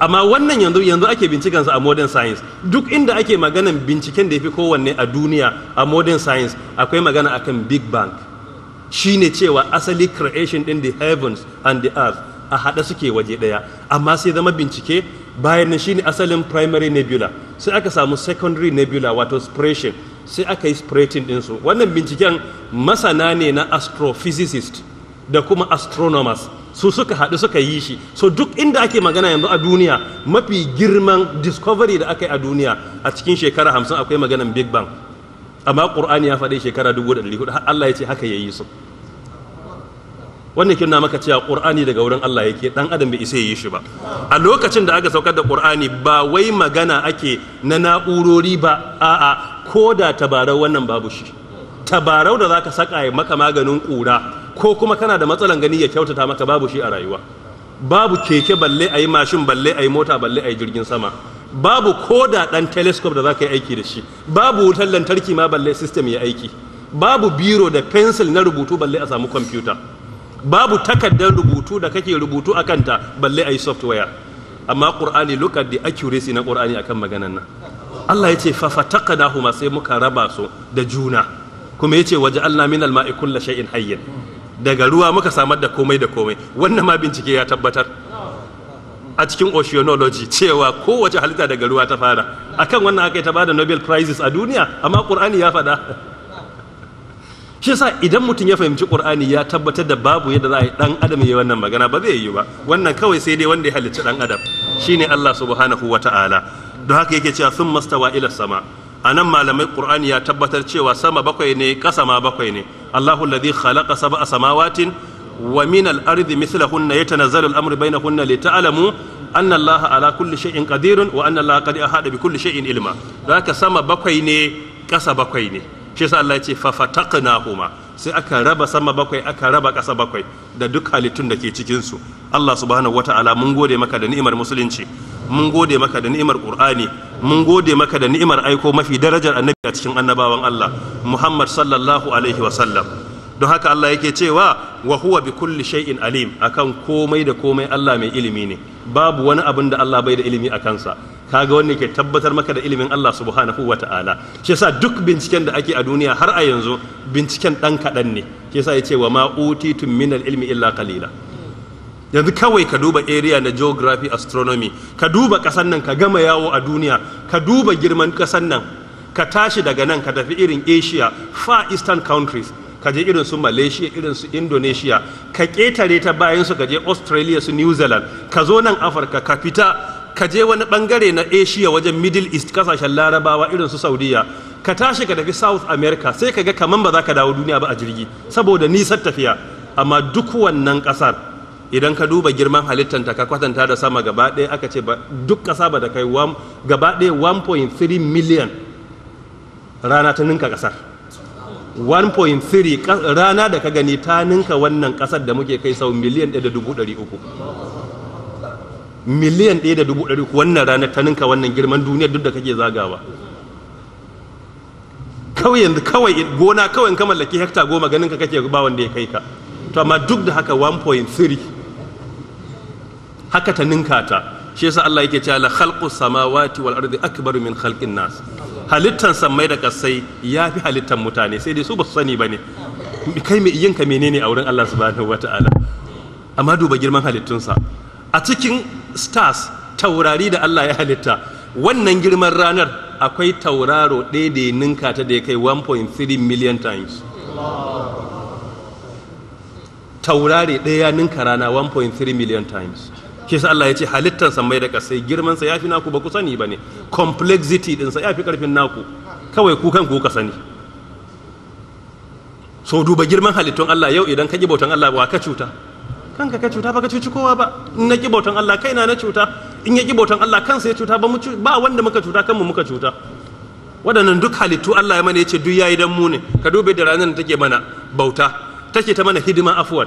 amma wannan yanzu yanzu ake bincikansa a modern science duk inda ake maganan binciken da ya fi kowanne a duniya a modern science akwai magana akan big bang shine cewa asali creation din the heavens and the earth a haɗa suke waje daya amma sai zama bincike bayan nan shine asalin primary nebula sai aka samu secondary nebula wato spiration sai aka yi spreading su wannan binciken masana ne na astrophysicist da kuma astronomers su suka haɗu suka yi shi so duk inda ake magana yanzu a duniya mafi girman discovery da aka yi a duniya a cikin shekara hamsin akwai maganan big bang amma ƙur'ani ya faɗi shekara dubu da ɗari hudu Allah ya ce haka ya yi su wannan kirna maka cewa ƙur'ani daga wurin Allah ya ke ɗan adam bai isa ya yi shi ba a lokacin da aka saukar da ƙur'ani ba wai magana ake na na'urori ba a'a ko da tabarau wannan babu shi tabarau da za ka saka maka maganin ƙura ko kuma kana da matsalan gani ya kyautata maka babu shi a rayuwa babu keke balle a yi mashin balle a yi mota balle a yi jirgin sama babu koda ɗan telescope da za ka yi aiki da shi babu wutar lantarki ma balle system ya aiki babu biro da pencil na rubutu balle a samu kwamfuta babu takardar rubutu da kake rubutu a kanta balle a yi software amma ƙur'ani look at the accuracy na ƙur'ani akan maganan nan Allah ya ce fafataqnahuma sai muka raba su da juna kuma ya ce waje Allah min ya kulla kullu shay'in hayyin daga ruwa muka samar da komai da komai wannan ma bincike ya tabbatar a cikin oceanology cewa kowace halitta daga ruwa ta fara akan wannan aka yi ta bada nobel prizes a duniya amma ƙur'ani ya faɗa shi yasa idan mutum ya fahimci ƙur'ani ya tabbatar da babu yadda za a yi dan adam ya wannan magana ba zai yi ba wannan kawai sai dai wanda ya halicci dan adam shine Allah subhanahu ta'ala. don haka yake cewa sun mastawa ila sama a nan malamai ƙur'ani ya tabbatar cewa sama bakwai ne ƙasa ma bakwai ne allahu alladhi khalaqa sab'a samawatin wa min al-ardi mithlahunna yatanazzalu al-amru bainahunna lita'lamu anna allaha ala kulli shay'in qadirun wa anna allaha qad ahada bi kulli shay'in ilma zaka sama bakwai ne ƙasa bakwai ne shi yasa Allah ya ce fa fataqnahuma sai aka raba sama bakwai aka raba ƙasa bakwai da duk halittun da ke cikin su Allah subhanahu wata'ala mun gode maka da ni'imar musulunci mun gode maka da ni'imar qur'ani mun gode maka da ni'imar aiko mafi darajar annabi a cikin annabawan Allah Muhammad sallallahu alaihi wa sallam don haka Allah yake cewa wa huwa bi kulli shay'in alim akan komai da komai Allah mai ilimi ne babu wani abin da Allah bai da ilimi a kansa kaga wanne ke tabbatar maka da ilimin Allah subhanahu ta'ala shi yasa duk binciken da ake a duniya har a yanzu binciken dan kadan ne shi yasa yace wa ma utitum minal ilmi illa qalila yanzu kawai ka duba area na geography astronomy ka duba kasan nan ka gama yawo a duniya ka duba girman kasan nan ka tashi daga nan ka tafi irin asia far eastern countries ka je irin su malaysia irin su indonesia ka ƙetare ta bayan su ka je australia su new zealand ka zo nan afirka ka fita ka je wani bangare na asia wajen middle east kasashen larabawa irin su saudiya ka tashi ka tafi south america sai ka ga kaman ba za ka dawo duniya ba a jirgi saboda nisan tafiya amma duk wannan kasar idan ka duba girman halittanta ka kwatanta da sama gaba ɗaya aka ce duk ƙasa ba da kai gaba ɗaya 1.3 miliyan rana ta ninka ƙasar 1.3 rana da ka gani ta ninka wannan ƙasar da muke kai sau miliyan 1.300 miliyan uku wannan rana ta ninka wannan girman duniyar duk da kake zagawa kawai kawai gona kawai ka mallaki hekta goma ganin ka kake ba wanda ya kai ka to amma duk da haka 1.3 haka ta ninka ta shi yasa Allah yake cewa la khalqus samawati wal ardi akbaru min khalqin nas halittan sammai da kasai yafi halittan mutane sai dai su ba su sani bane kai mai yinka menene a wurin Allah subhanahu wataala amma duba girman halittunsa a cikin stars taurari da Allah ya halitta wannan girman ranar akwai tauraro ɗaya da ninka ta da ya kai 1.3 million times taurari ɗaya ninka rana 1.3 million times shi sa Allah ya ce halittar samai da kasai girman sa fi naku ba ku sani ne complexity din ya fi karfin naku kawai ku ku ka sani so duba girman halittun Allah yau idan ka bautan Allah ba ka cuta kanka ka cuta ba ka cuci kowa ba in na bautan Allah kaina na cuta in ya bautan Allah kansa ya cuta ba mu ba wanda muka cuta kanmu muka cuta waɗannan duk halittu Allah ya mana ya ce duk yayi dan mu ne ka dube da ranar da take mana bauta take ta mana hidima afwan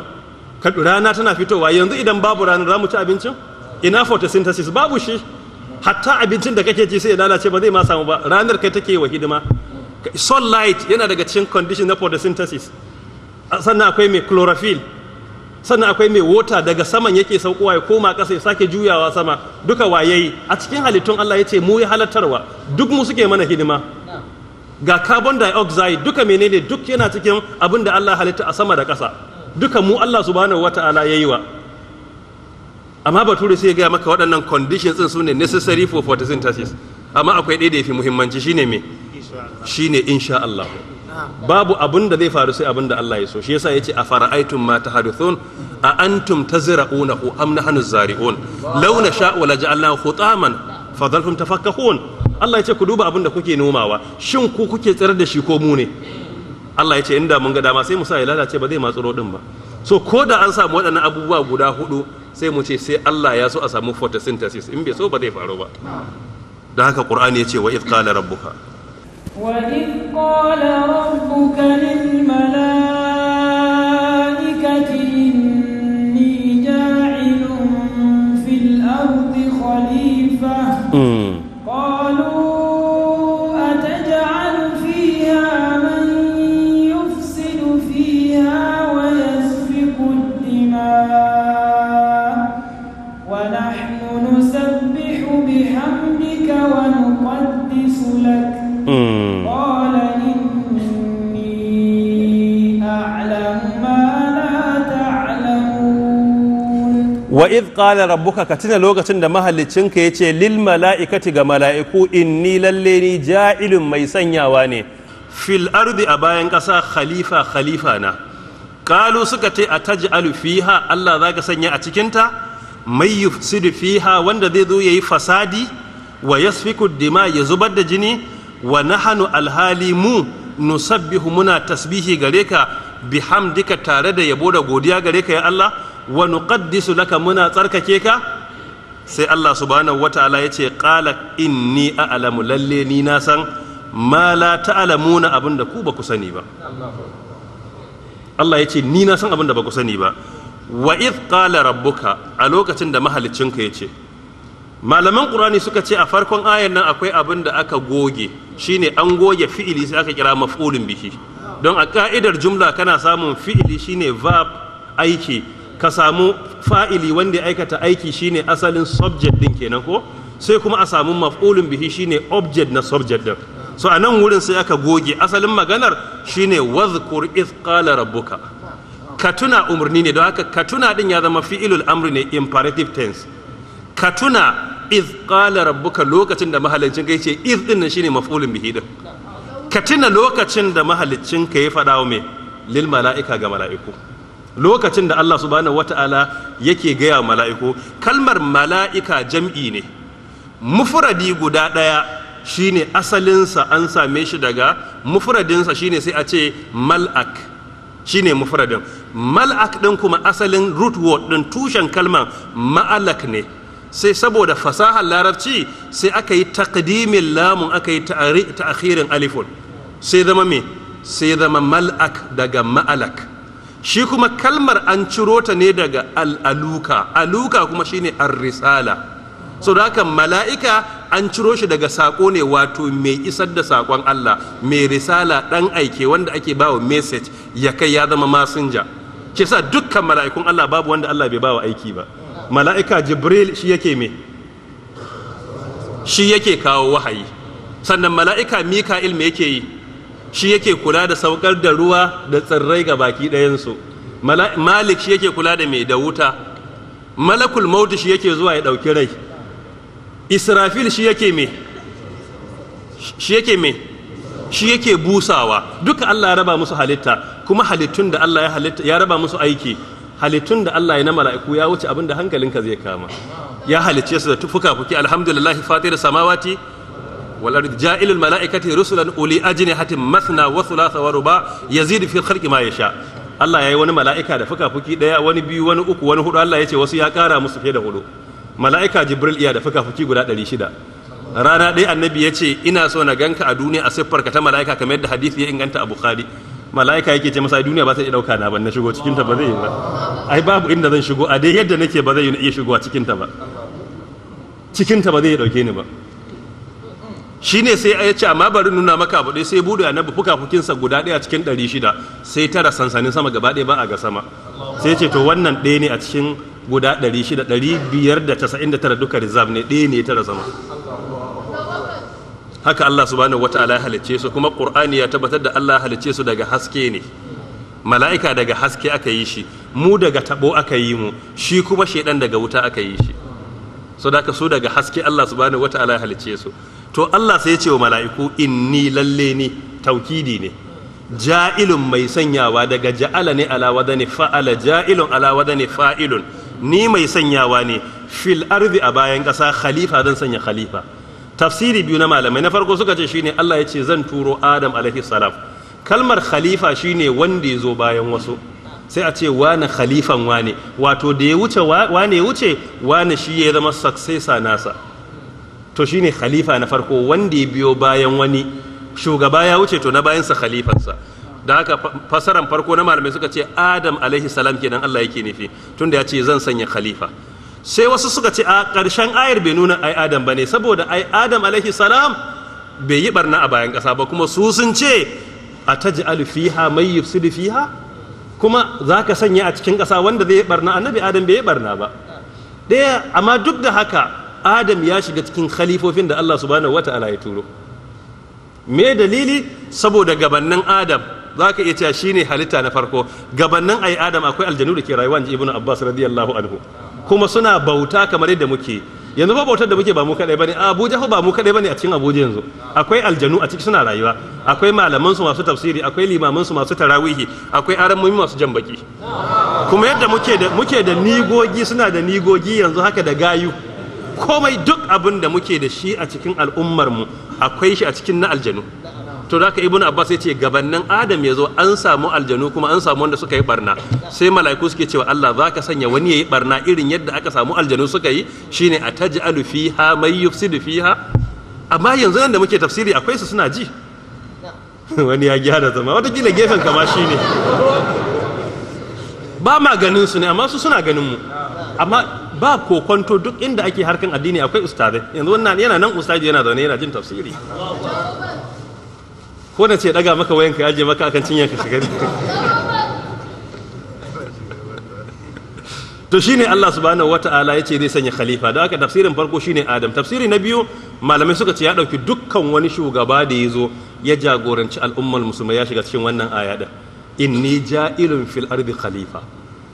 kaɗu rana tana fitowa yanzu idan babu rana za mu ci abincin ina photosynthesis babu shi hatta abincin da kake ci sai ya lalace ba zai ma samu ba ranar kai take wa hidima sunlight yana daga cikin condition na photosynthesis sannan akwai mai chlorophyll sannan akwai mai wota daga saman yake saukowa ya koma ƙasa ya sake juyawa sama duka wayayi a cikin halittun Allah ya ce mu ya halattarwa duk mu suke mana hidima ga carbon dioxide duka menene duk yana cikin abin da Allah halitta a sama da ƙasa duka mu Allah subhanahu ya yi wa amma bature sai ya gaya maka waɗannan conditions din su ne necessary for photosynthesis amma akwai ɗaya da ya fi muhimmanci shine me shine insha Allah babu abin da zai faru sai abin da Allah ya so shi yasa yace a fara'aitum ma tahaduthun a antum tazra'unahu am nahnu zari'un law nasha'u la ja'alnahu khutaman fadhalhum tafakkahun Allah yace ku duba abin da kuke nomawa shin ku kuke tsare da shi ko mu ne Allah ya ce inda mun ga dama sai mu sa ya lalace ba zai matsuro din ba so ko da an samu waɗannan abubuwa guda hudu sai mu ce sai Allah ya so a samu photosynthesis in bai so ba zai faru ba da haka Qur'ani ya ce wa idh qala rabbuka wa idh qala rabbuka lil malaa wa id qala rabbuka ka lokacin da ka yace lil mala'ikati ga mala'iku inni lalle ni ja'ilun mai sanyawa ne fil ardi a bayan ƙasa khalifa khalifa na kalu suka ce ataj'alu fiha Allah zaka sanya a cikin ta mai yufsidu fiha wanda zai zo yayi fasadi wa yasfiku dima ya zubar da jini wa nahanu alhali mu nusabbihu muna tasbihi gare ka bihamdika tare da yabo da godiya gare ka ya Allah wa nuqaddisu laka muna tsarkake ka sai Allah subhanahu wataala yace qala inni a'lamu lalle ni na san ma la ta'lamuna abinda ku ba ku sani ba Allah yace ni na san abinda ba ku sani ba wa id qala rabbuka a lokacin da mahaliccinka yace malaman qur'ani suka ce a farkon ayan nan akwai abin da aka goge shine an goge fi'ili sai aka kira maf'ulun bihi don a ka'idar jumla kana samun fi'ili shine verb aiki ka samu fa'ili wanda ya aikata aiki shine asalin subject din kenan ko sai kuma a samu maf'ulun bihi shine object na subject din so a nan wurin sai aka goge asalin maganar shine wadhkur iz qala rabbuka ka tuna umarni ne don haka ka tuna din ya zama fi'ilul amri ne imperative tense ka tuna iz qala rabbuka lokacin da mahaliccin ka yace iz din nan shine maf'ulun bihi din ka tuna lokacin da mahaliccin ka ya faɗa wa me lil mala'ika ga mala'iku lokacin da Allah subhanahu wata'ala yake gaya mala'iku kalmar mala'ika jam'i ne mufradi guda ɗaya shine asalinsa an same shi daga mufradinsa shine sai a ce mal'ak shine mufradin mal'ak ɗin kuma asalin root word ɗin tushen kalmar ma'alak ne sai saboda fasahar larabci sai aka yi takdimin lamun aka yi ta'akhirin alifun sai zama me sai zama mal'ak daga ma'alak shi kuma kalmar an ciro ta ne daga al'aluka aluka kuma shine ar-risala so da haka mala'ika an ciro shi daga sako ne wato mai isar da sakon Allah mai risala dan aike wanda ake bawa message ya kai ya zama masinja ke sa dukkan mala'ikun Allah babu wanda Allah bai bawa aiki ba mala'ika jibril shi yake me shi yake kawo wahayi sannan mala'ika mika'il me yake yi shi yake kula da saukar da ruwa da tsirrai ga baki ɗayansu malik shi yake kula da mai da wuta malakul mautu shi yake zuwa ya ɗauki rai israfil shi yake me shi yake me shi yake busawa duka allah ya raba musu halitta kuma halittun da allah ya halitta ya raba musu aiki halittun da allah ya na mala'iku ya wuce abin da hankalinka zai kama ya halicce su da tufuka fuki alhamdulillahi fatir samawati wal ardi ja'ilul mala'ikati rusulan uli ajnihatin masna wa thulatha wa ruba yazidu fil khalqi ma yasha Allah yayi wani mala'ika da fuki daya wani biyu wani uku wani hudu Allah yace wasu ya kara musu fiye da hudu mala'ika jibril iya da fuki guda 600 rana ɗaya annabi ya ce ina so na ganka a duniya a ka ta mala'ika kamar yadda hadisi ya inganta a bukhari mala'ika yake ce masa duniya ba ta iya dauka na ban na shigo cikin ta ba zai yi ba ai babu inda zan shigo a dai yadda nake ba zai yi na iya shigo a cikin ta ba cikin ta ba zai dauke ni ba shine sai ya ce amma bari nuna maka abu ɗaya sai bude annabi fukafukinsa guda ɗaya cikin ɗari shida sai tara sansanin sama gaba ɗaya ba a ga sama sai ce to wannan ɗaya ne a cikin guda ɗari shida ɗari biyar da casa'in da tara duka rizab ne ɗaya ne tara sama haka Allah subhanahu wata'ala ya halicce su kuma Qur'ani ya tabbatar da Allah halicce su daga haske ne mala'ika daga haske aka yi shi mu daga tabo aka yi mu shi kuma shedan daga wuta aka yi shi so da su daga haske Allah subhanahu wata'ala ya halicce su to Allah sai ya ce wa mala'iku inni lalle ni taukidi ne ja'ilun mai sanyawa daga ja'ala ne alawada ne fa'ala ja'ilun alawada ne fa'ilun ni mai sanyawa ne fil arzi a bayan ƙasa khalifa zan sanya khalifa tafsiri biyu na malamai na farko suka ce shine Allah ya ce zan turo Adam alaihi salam kalmar khalifa shine wanda ya zo bayan wasu sai a ce wane khalifan wane wato da ya wuce wane ya wuce wane shi ya zama successor nasa to shine khalifa na farko wanda ya biyo bayan wani shugaba ya wuce to na bayansa khalifansa da haka fasaran farko na malamai suka ce adam alaihi salam kenan Allah yake nufi tunda ya ce zan sanya khalifa sai wasu suka ce a ƙarshen ayar bai nuna ai adam bane saboda ai adam alaihi salam bai yi barna a bayan ƙasa ba kuma su sun ce a taj'alu fiha mai yufsidu fiha kuma zaka sanya a cikin ƙasa wanda zai yi barna annabi adam bai yi barna ba ɗaya amma duk da haka adam ya shiga cikin khalifofin da Allah subhanahu wata'ala ya turo me dalili saboda gabannin adam za ka iya cewa shine halitta na farko gabannin ai adam akwai aljanu da ke rayuwa ji ibnu abbas radiyallahu anhu kuma suna bauta kamar yadda muke yanzu ba bautar da muke ba mu kadai bane abuja ba mu kadai bane a cikin abuja yanzu akwai aljanu a ciki suna rayuwa akwai malaman su masu tafsiri akwai limaman su masu tarawihi akwai aramomi masu jan baki kuma yadda muke muke da nigogi suna da nigogi yanzu haka da gayu komai duk abin da muke da shi a cikin al'ummarmu akwai shi a cikin na aljanu to da ka ibnu abbas ce gabannin adam ya zo an samu aljanu kuma an samu wanda suka yi barna sai mala'iku suke cewa Allah za ka sanya wani yayi barna irin yadda aka samu aljanu suka yi shine ataj'alu fiha may yufsidu fiha amma yanzu nan da muke tafsiri akwai su suna ji wani ya gyara zama wata watakila gefen kama shi ne ba ma ganin su ne amma su suna ganin mu amma ba kokonto duk inda ake harkan addini akwai ustadai yanzu wannan yana nan ustadi yana zaune yana jin tafsiri ko na ce daga maka wayanka ya je maka akan cinyar ka shiga to shine Allah subhanahu wata'ala yace zai sanya khalifa don haka tafsirin farko shine Adam tafsiri na biyu malamai suka ce ya dauki dukkan wani shugaba da ya zo ya jagoranci al'ummar musulmai ya shiga cikin wannan aya din inni ja'ilun fil ardi khalifa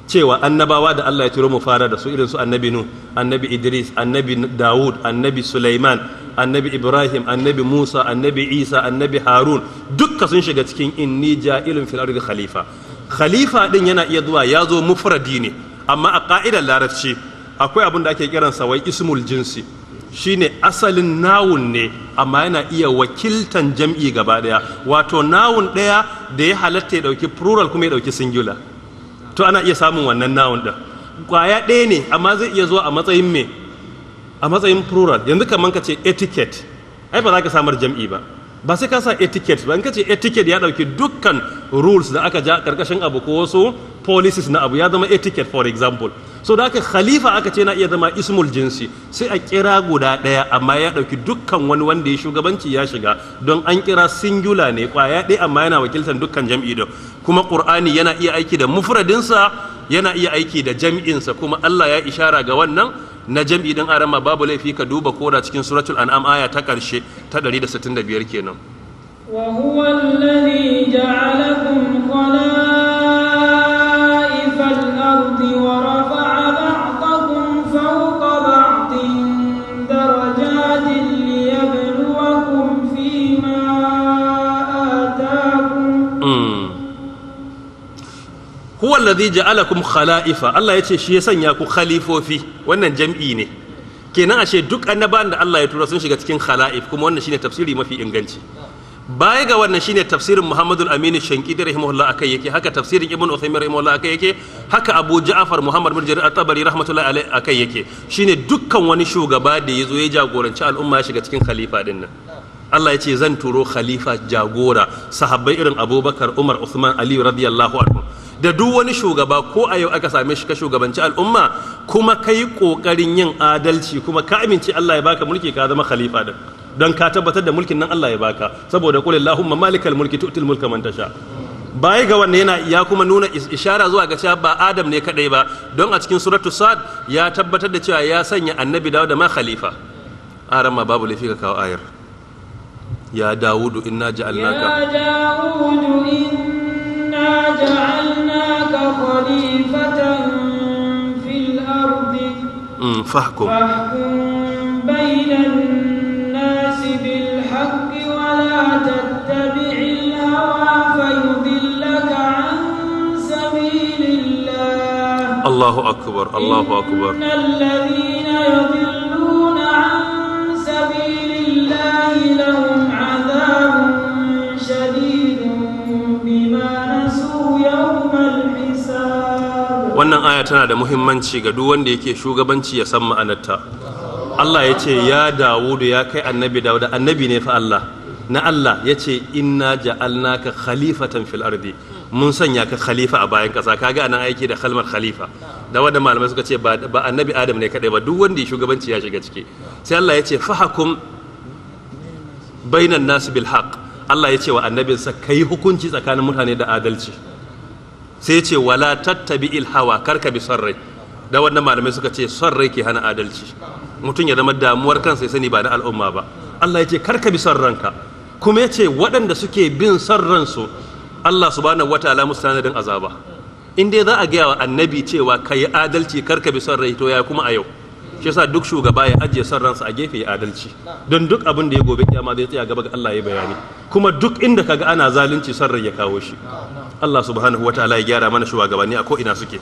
cewa annabawa da Allah ya turo mu fara da su irin su annabi nu annabi idris annabi dawud annabi sulaiman annabi ibrahim annabi musa annabi isa annabi harun dukka sun shiga cikin inni ja'ilun fil ardi khalifa khalifa din yana iya zuwa ya zo mufradi ne amma a ka'idar larabci akwai abin da ake kiransa wai ismul jinsi shine asalin nawun ne amma yana iya wakiltan jam'i gaba daya wato nawun daya da ya halatta ya dauki plural kuma ya dauki singular to ana iya samun wannan nawun ɗin ƙwaya ɗaya ne amma zai iya zuwa a matsayin me a matsayin plural yanzu kamar ka ce etiquette ai ba za ka samar jam'i ba ba sai ka sa etiquette ba in ka ce etiquette ya ɗauki dukkan rules da aka ja ƙarƙashin abu ko wasu policies na abu ya zama etiquette for example so da aka khalifa aka ce na iya zama ismul jinsi sai a kira guda daya amma ya dauki dukkan wani wanda ya shugabanci ya shiga don an kira singular ne kwaya ɗaya amma yana wakiltar dukkan jam'i da kuma qur'ani yana iya aiki da mufradinsa yana iya aiki da jam'insa kuma Allah ya ishara ga wannan na jam'i din arama babu laifi ka duba koda cikin suratul an'am aya ta karshe ta 165 kenan وهو الذي جعلكم خلائق huwa alladhi ja'alakum khala'ifa Allah yace shi ya sanya ku khalifofi wannan jam'i ne kenan ashe duk annabawan da Allah ya tura sun shiga cikin khala'if kuma wannan shine tafsiri mafi inganci baya ga wannan shine tafsirin Muhammadu Aminu Shankidi rahimahullah akai yake haka tafsirin Ibn Uthaymeen rahimahullah akai yake haka Abu Ja'far Muhammad bin Jarir at-Tabari rahmatullahi alaihi akai yake shine dukkan wani shugaba da yazo ya jagoranci al'umma ya shiga cikin khalifa din nan Allah ya ce zan turo khalifa jagora sahabbai irin Abubakar Umar Uthman Ali radiyallahu anhu da duk wani shugaba ko a yau aka same shi ka shugabanci al'umma kuma ka yi ƙoƙarin yin adalci kuma ka amince Allah ya baka mulki ka zama khalifa din don ka tabbatar da mulkin nan Allah ya baka saboda qul allahumma malikal mulki tu'til mulka man tasha baya ga wannan yana ya kuma nuna ishara zuwa ga cewa ba Adam ne kadai ba don a cikin suratu Sad ya tabbatar da cewa ya sanya Annabi Dawud da ma khalifa aran ma babu laifi ka kawo ayar ya Dawudu inna ja'alnaka ya Dawudu inna فاحكم بين الناس بالحق ولا تتبع الهوى فيضلك عن سبيل الله الله أكبر الله أكبر إن الذين يضلون wannan aya tana da muhimmanci ga duk wanda yake shugabanci ya san ma'anarta Allah ya ce ya Dawudu ya kai annabi Dawudu annabi ne fa Allah na Allah ya ce inna ja'alnaka khalifatan fil ardi mun sanya ka khalifa a bayan kasa kaga anan aiki da kalmar khalifa da wanda malamai suka ce ba annabi Adam ne kadai ba duk wanda ya shugabanci ya shiga ciki sai Allah ya ce fahakum bainan nasu bil haqq Allah ya ce wa annabinsa kai hukunci tsakanin mutane da adalci sai ce wala tattabi ilhawa karka bi son rai da wannan malamai suka ce son rai ke hana adalci mutum ya zama damuwar kansa ya sani ba na al'umma ba Allah ya ce karka bi son ranka kuma ya ce waɗanda suke bin son ransu Allah subhanahu wata musu tanadin azaba in dai za a gaya wa annabi cewa ka yi adalci karka bi son rai to ya kuma a yau shi yasa duk shugaba ya ajiye son ransa a gefe ya adalci don duk abin da ya gobe kiyama zai tsaya gaba ga Allah ya bayani kuma duk inda kaga ana zalunci son rai ya kawo shi Allah subhanahu ta'ala ya gyara mana shugabanni a ko ina suke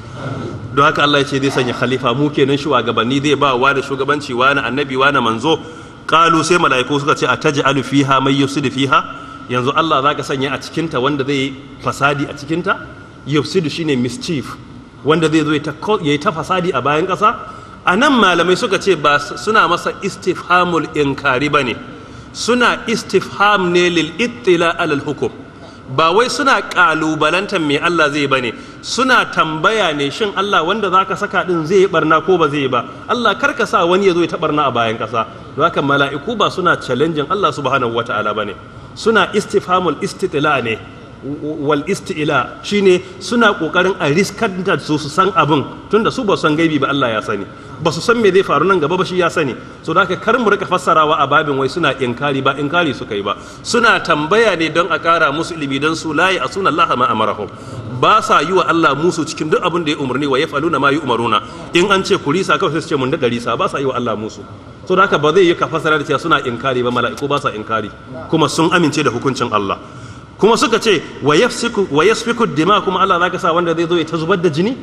don haka Allah ya ce zai sanya khalifa mu kenan shugabanni zai ba wa da shugabanci wa na annabi wa na manzo qalu sai mala'iku suka ce ataj'alu fiha mai yufsidu fiha yanzu Allah zaka sanya a cikin ta wanda zai fasadi a cikin ta shine mischief wanda zai zo ya ta fasadi a bayan ƙasa a nan malamai suka ce ba suna masa istifhamul inkari bane suna istifham ne lil ittila alal hukum ba wai suna kalubalantar mai Allah zai ba ne suna tambaya ne shin Allah wanda za ka saka din zai yi barna ko ba zai ba Allah kar ka sa wani ya zo ya ta barna a bayan kasa haka mala'iku ba suna challenging Allah subhanahu ba ne suna istifamul istitla ne wal isti'la shine suna kokarin a riskar su su san abin tunda su ba san gaibi ba Allah ya sani ba su san me zai faru nan gaba ba shi ya sani so da haka kar mu rika fassarawa a babin wai suna inkari ba inkari suka yi ba suna tambaya ne don a kara musu ilimi don su layi a sunan Allah ma amarahum ba sa yi wa Allah musu cikin duk abin da ya umarni wa yafaluna ma yu'maruna in an ce kurisa kawai sai su ce mun da risa ba sa yi wa Allah musu so da haka ba zai yi ka fassara da cewa suna inkari ba mala'iku ba sa inkari kuma sun amince da hukuncin Allah kuma suka ce wa yasfiku dima kuma Allah zaka sa wanda zai zo ya zubar da jini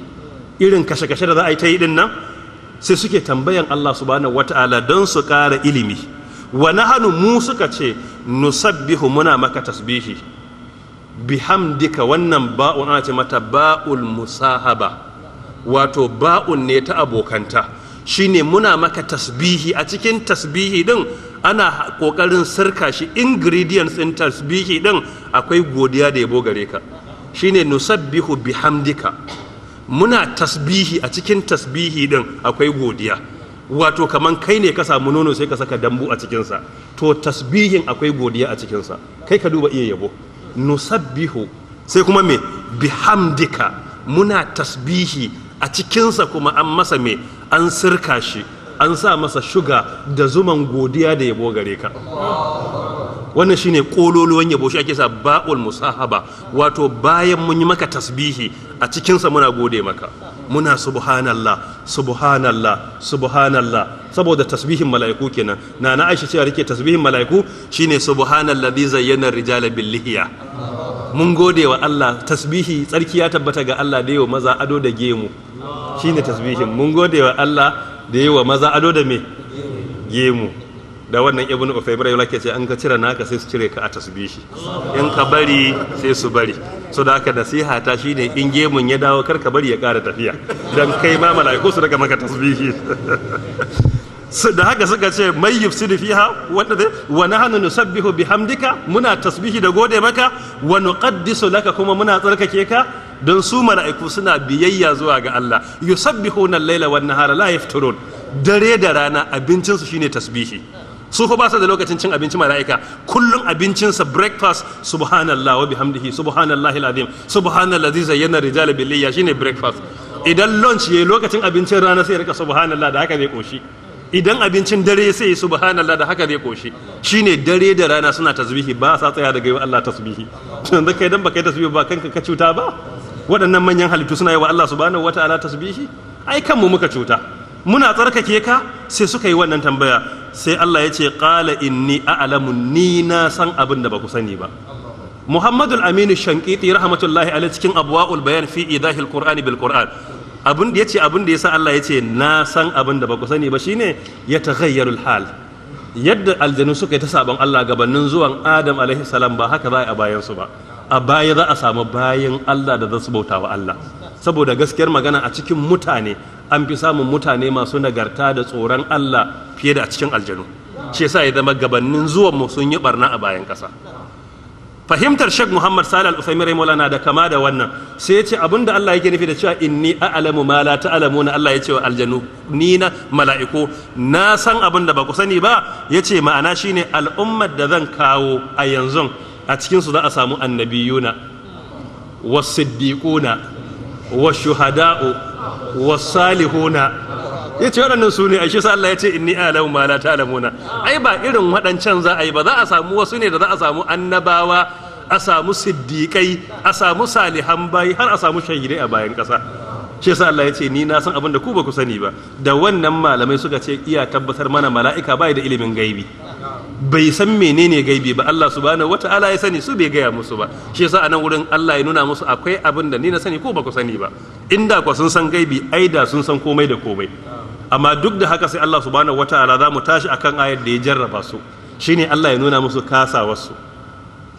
irin kashe-kashe da za a yi ta yi din nan sai suke tambayan Allah subhanahu wata'ala don su ƙara ilimi wa hannu mu suka ce nusabbihu muna maka tasbihi bihamdika wannan ba'un ana ce mata ba'ul musahaba wato ba'un ne ta abokanta shine muna maka tasbihi a cikin tasbihi din ana kokarin sirka shi ingredients in tasbihi din akwai godiya da yabo gare ka shine nusabbihu bihamdika muna tasbihi a cikin tasbihi din akwai godiya wato kaman kai ne ka samu nono sai ka saka dambu a cikinsa to tasbihin akwai godiya a cikinsa kai ka duba iya yabo nusabbihu sai kuma me bihamdika muna tasbihi a cikinsa kuma an masa me an sirka shi an sa masa shuga da zuman godiya da yabo gare ka wannan shine kololuwan yabo shi ake sa ba'ul musahaba wato bayan mun yi maka tasbihi a cikinsa muna gode maka muna subhanallah subhanallah subhanallah saboda tasbihin mala'iku kenan na na aisha cewa rike tasbihin mala'iku shine subhanallazi zayyana rijala bin lihiya mun gode wa Allah tasbihi tsarki ya tabbata ga Allah da yau maza ado da gemu shine tasbihin mun gode wa Allah da yi wa maza ado da me gemu da wannan ibn ufaymir yau ke ce an ka cire naka sai su cire ka a shi in ka bari sai su bari so da haka nasiha ta shine in gemun ya dawo kar ka bari ya kara tafiya dan kai ma mala'iku su daga maka tasbihi da haka suka ce mai yufsidu fiha wanda zai wa nahnu nusabbihu bihamdika muna tasbihi da gode maka wa nuqaddisu laka kuma muna tsarkake ka don su mala'iku suna biyayya zuwa ga Allah yusabbihuna al-laila wan nahara la yafturun dare da rana abincin su shine tasbihi su ko ba su da lokacin cin abinci mala'ika kullum abincinsa breakfast subhanallah wa bihamdihi subhanallahi alazim subhanallazi zayyana rijala bil layya shine breakfast idan lunch yayi lokacin abincin rana sai rika subhanallah da haka zai koshi idan abincin dare sai subhanallah da haka zai koshi shine dare da rana suna tasbihi ba sa tsaya daga Allah tasbihi yanzu kai dan baka yi tasbihi ba kanka ka cuta ba waɗannan manyan halittu suna yi wa Allah subhanahu wata'ala tasbihi ai kanmu muka cuta muna tsarkake ka sai suka yi wannan tambaya sai Allah ya ce qala inni a'lamu ni na san abin da ba ku sani ba Muhammadu Aminu Shankiti rahmatullahi alaihi cikin abwaul bayan fi idahil qur'ani bil qur'an abin da yace abin da yasa Allah yace na san abin da ba ku sani ba shine ya taghayyarul hal yadda aljanu suka yi ta saban Allah gabanin zuwan Adam alaihi salam ba haka za a bayan su ba a baya za a samu bayan Allah da za su bauta wa Allah saboda gaskiyar magana a cikin mutane an fi samun mutane masu nagarta da tsoron Allah fiye da a cikin aljanu shi yasa ya zama gabanin zuwan mu sun yi barna a bayan kasa. fahimtar shek Muhammad Salih al rai rahimahullah da kama da wannan sai ya ce abinda Allah yake nufi da cewa inni a'lamu ma la na Allah ya ce wa aljanu ni na mala'iku na san abinda ba ku sani ba ya ce ma'ana shine al'ummar da zan kawo a yanzu a cikinsu za a samu annabiyuna wasiddiquna washuhada'u wasalihuna ya ce waɗannan su ne a shi Allah ya ce inni alamu ma la ta'lamuna ai ba irin waɗancan za a yi ba za a samu wasu ne da za a samu annabawa a samu siddiƙai a samu salihan bayi har a samu shahidai a bayan ƙasa shi sa Allah ya ce ni na san abin da ku ba ku sani ba da wannan malamai suka ce iya tabbatar mana mala'ika bai da ilimin gaibi bai san menene gaibi ba Allah subhanahu wata'ala ya sani su bai gaya musu ba shi yasa anan wurin Allah ya nuna musu akwai abin da ni na sani ko ba sani ba inda ku sun san gaibi ai da sun san komai da komai amma duk da haka sai Allah subhanahu wata'ala za mu tashi akan ayar da ya jarraba su shine Allah ya nuna musu kasawarsu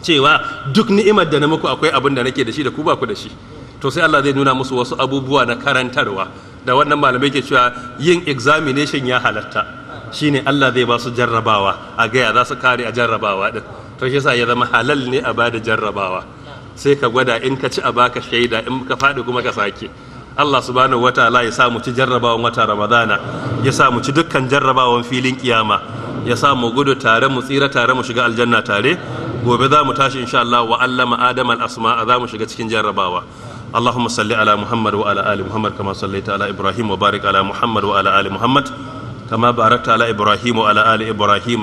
cewa duk ni'imar da na muku akwai abin da nake da shi da ku ba ku da shi to sai Allah zai nuna musu wasu abubuwa na karantarwa da wannan malamai ke cewa yin examination ya halatta shine Allah zai ba su jarrabawa a gaya za su kare a jarrabawa din to shi ya zama halal ne a ba da jarrabawa sai ka gwada in ka ci a baka shaida in ka faɗi kuma ka sake Allah subhanahu wataala ya sa mu ci jarrabawan wata Ramadana ya sa mu ci dukkan jarrabawan filin kiyama ya sa mu gudu tare mu tsira tare mu shiga aljanna tare gobe za mu tashi insha Allah wa allama adam al asma'a za mu shiga cikin jarrabawa اللهم صل على محمد وعلى ال محمد كما صليت على ابراهيم وبارك على محمد وعلى Ali Muhammad. kama barakta ala ibrahimu wa ala ali